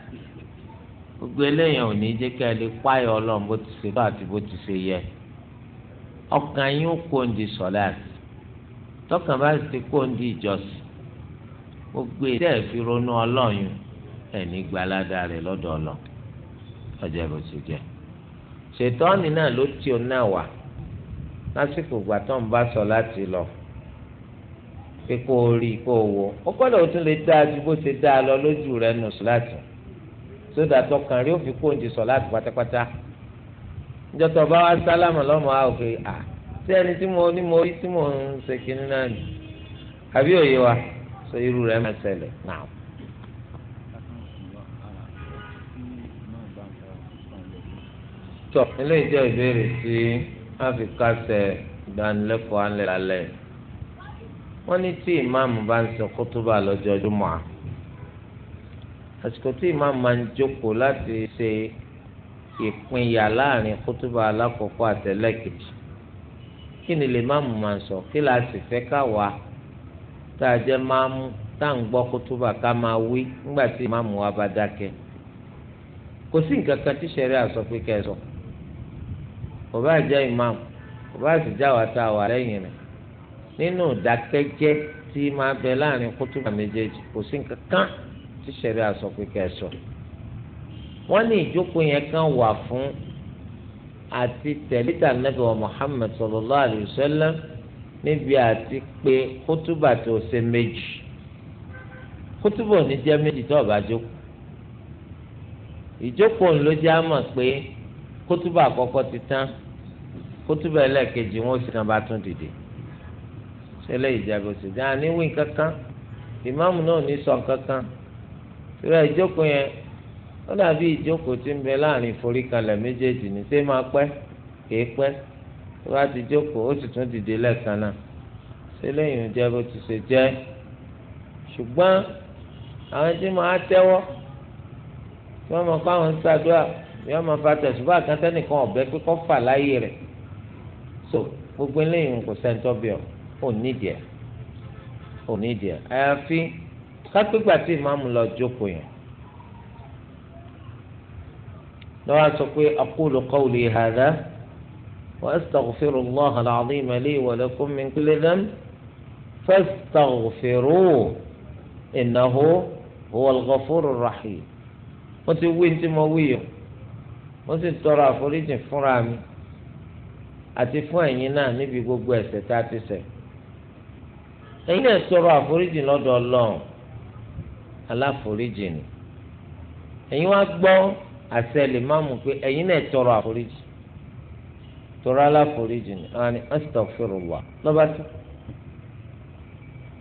gbogbo eléyàn ò ní jẹ́ kí ẹ lè páyọ̀ ọlọ́run bó ti ṣe tó àti bó ti ṣe yẹ ọkàn yín ó kó ń di tọkàn bá ti kó ń ìjọsìn gbogbo ètò ẹ̀fí ronú ọlọ́run ẹ̀ní gbalada rẹ̀ lọ́dọ̀ ọlọ́run ọjọ́ ìbò ti jẹ ṣètọ́ni náà ló ti ọ náà wà lásìkò ìgbà tó ń bá sọ láti lọ pé kó o rí kó o wò ó tún lè dáa ju bó ṣe dáa lọ lójú nù sódà tọkàn rí òfin kó oúnjẹ sọ láti pátápátá níjọ́ tó bá wá sálámà lọ́mọ á òkè à sí ẹni tí mo ní mo rí tí mo ń ṣe kinní náà ni àbí òye wa sọ irú rẹ̀ máa ṣẹlẹ̀ náà. ilé ìjọ ìbéèrè tí wọ́n fi kásẹ̀ ìdánilẹ́kọ̀ọ́ alẹ́ lálẹ́ wọ́n ní tí ìmáàmù bá ń sọ kótóbà lọ́jọ́ jùmọ̀ à àsìkò tí ìmáàmù máa ń jókòó láti ṣe ìpínyà láàrin kútúbà alákọ̀ọ́kọ́ àtẹlẹ́kejì kí ni lè máàmù máa ń sọ kí la sì fẹ́ káwa tá a jẹ́ máàmù tá à ń gbọ́ kútúbà ká máa wí nígbà tí ìmáàmù wa bá dákẹ́ kò sí nǹkan kan tí sẹ́rí àsọ pé kò bá jẹ́ ìmáàmù kò bá sì já wa tá a wà lẹ́yìn rẹ̀ nínú ìdákẹ́jẹ́ tí máa bẹ láàrin kútúbà méjèèjì kò sí nǹkan kan tí sẹ̀rí àsọ pé kẹsọ̀ wọ́n ní ìjókòó yẹn kan wà fún àti tẹ̀lítà nàbẹ̀ wa Muhammad sallallahu alayhi wa sallam níbi àti pé kótóbà tó ṣe méjì kótóbà ní jẹ́ méjì tó ọ̀bà jókòó ìjókòó ló jẹ́ àmọ̀ pé kótóbà àkọ́kọ́ ti tán kótóbà ẹlẹ́ẹ̀kejì wọn ò sì tán bá tún dìde ṣẹlẹ̀ ìjàgbọ̀sẹ̀ dáhà níwìn kankan ìmáàmù náà ní sọ kankan ìrọ̀ ìjókòó yẹn ó dàbí ìjókòó tí ń bẹ láàrin ìforíkalẹ̀ méjèèjì ní sẹ́ máa pẹ́ kéé pẹ́ tó bá ti jókòó ó sì tún dìde lẹ́ẹ̀kan náà ṣé lẹ́yìn oúnjẹ bó ti ṣe jẹ́ ṣùgbọ́n àwọn tí máa tẹ́wọ́ tí wọ́n mọ̀ pé àwọn ń ṣàdúrà máa fa tẹ̀sùbá kan tẹ́nìkan ọ̀bẹ pé fà láyé rẹ̀ so gbogbo eléyìí kò sẹ́ńtọ́ bíọ̀ ò nídìí ẹ̀ ò nídìí ẹ̀ àyàfi kápẹ́gbà tí ìmáàmù lọ jókòó yẹn lọ́wọ́ sọ pé aqulu qawli hadha wa astaghfirullaha al-azim li wa lakum min kulli dhanb fastaghfiruhu innahu huwal ghafurur rahim mo ti wí tí mo wí yìí mo sì tọrọ àforíjì fúnra mi àti fún ẹ̀yin náà níbi gbogbo ẹ̀ṣẹ̀ tá a ti ṣẹ̀ ẹ̀yin náà tọrọ àforíjì lọ́dọ̀ Ọlọ́run. aláforíjì ni ẹ̀yin wá gbọ́ àṣẹ lè má mú pé ẹ̀yin náà tọrọ àforíjì tọrọ aláforíjì ni àwọn ni lọ́ba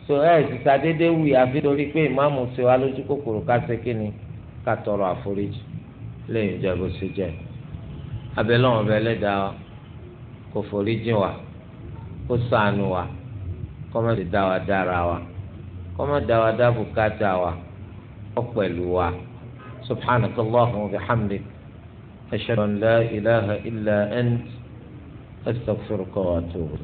so ẹ̀ sì sàdédé wù yà torí pé ṣe wá lójú kòkòrò ká ṣe kí ni ká tọrọ àforíjì lẹ́yìn ìjọba ó ṣe jẹ́ kò foríjì wa kó ṣàánú wa kọ́mọ̀dé dá wa dára wa kọ́mọ̀dé dá wa. ọ̀pẹ̀lú wa subhanaka allahumma wa bihamdik ashhadu an la ilaha illa ant astaghfiruka wa atubu.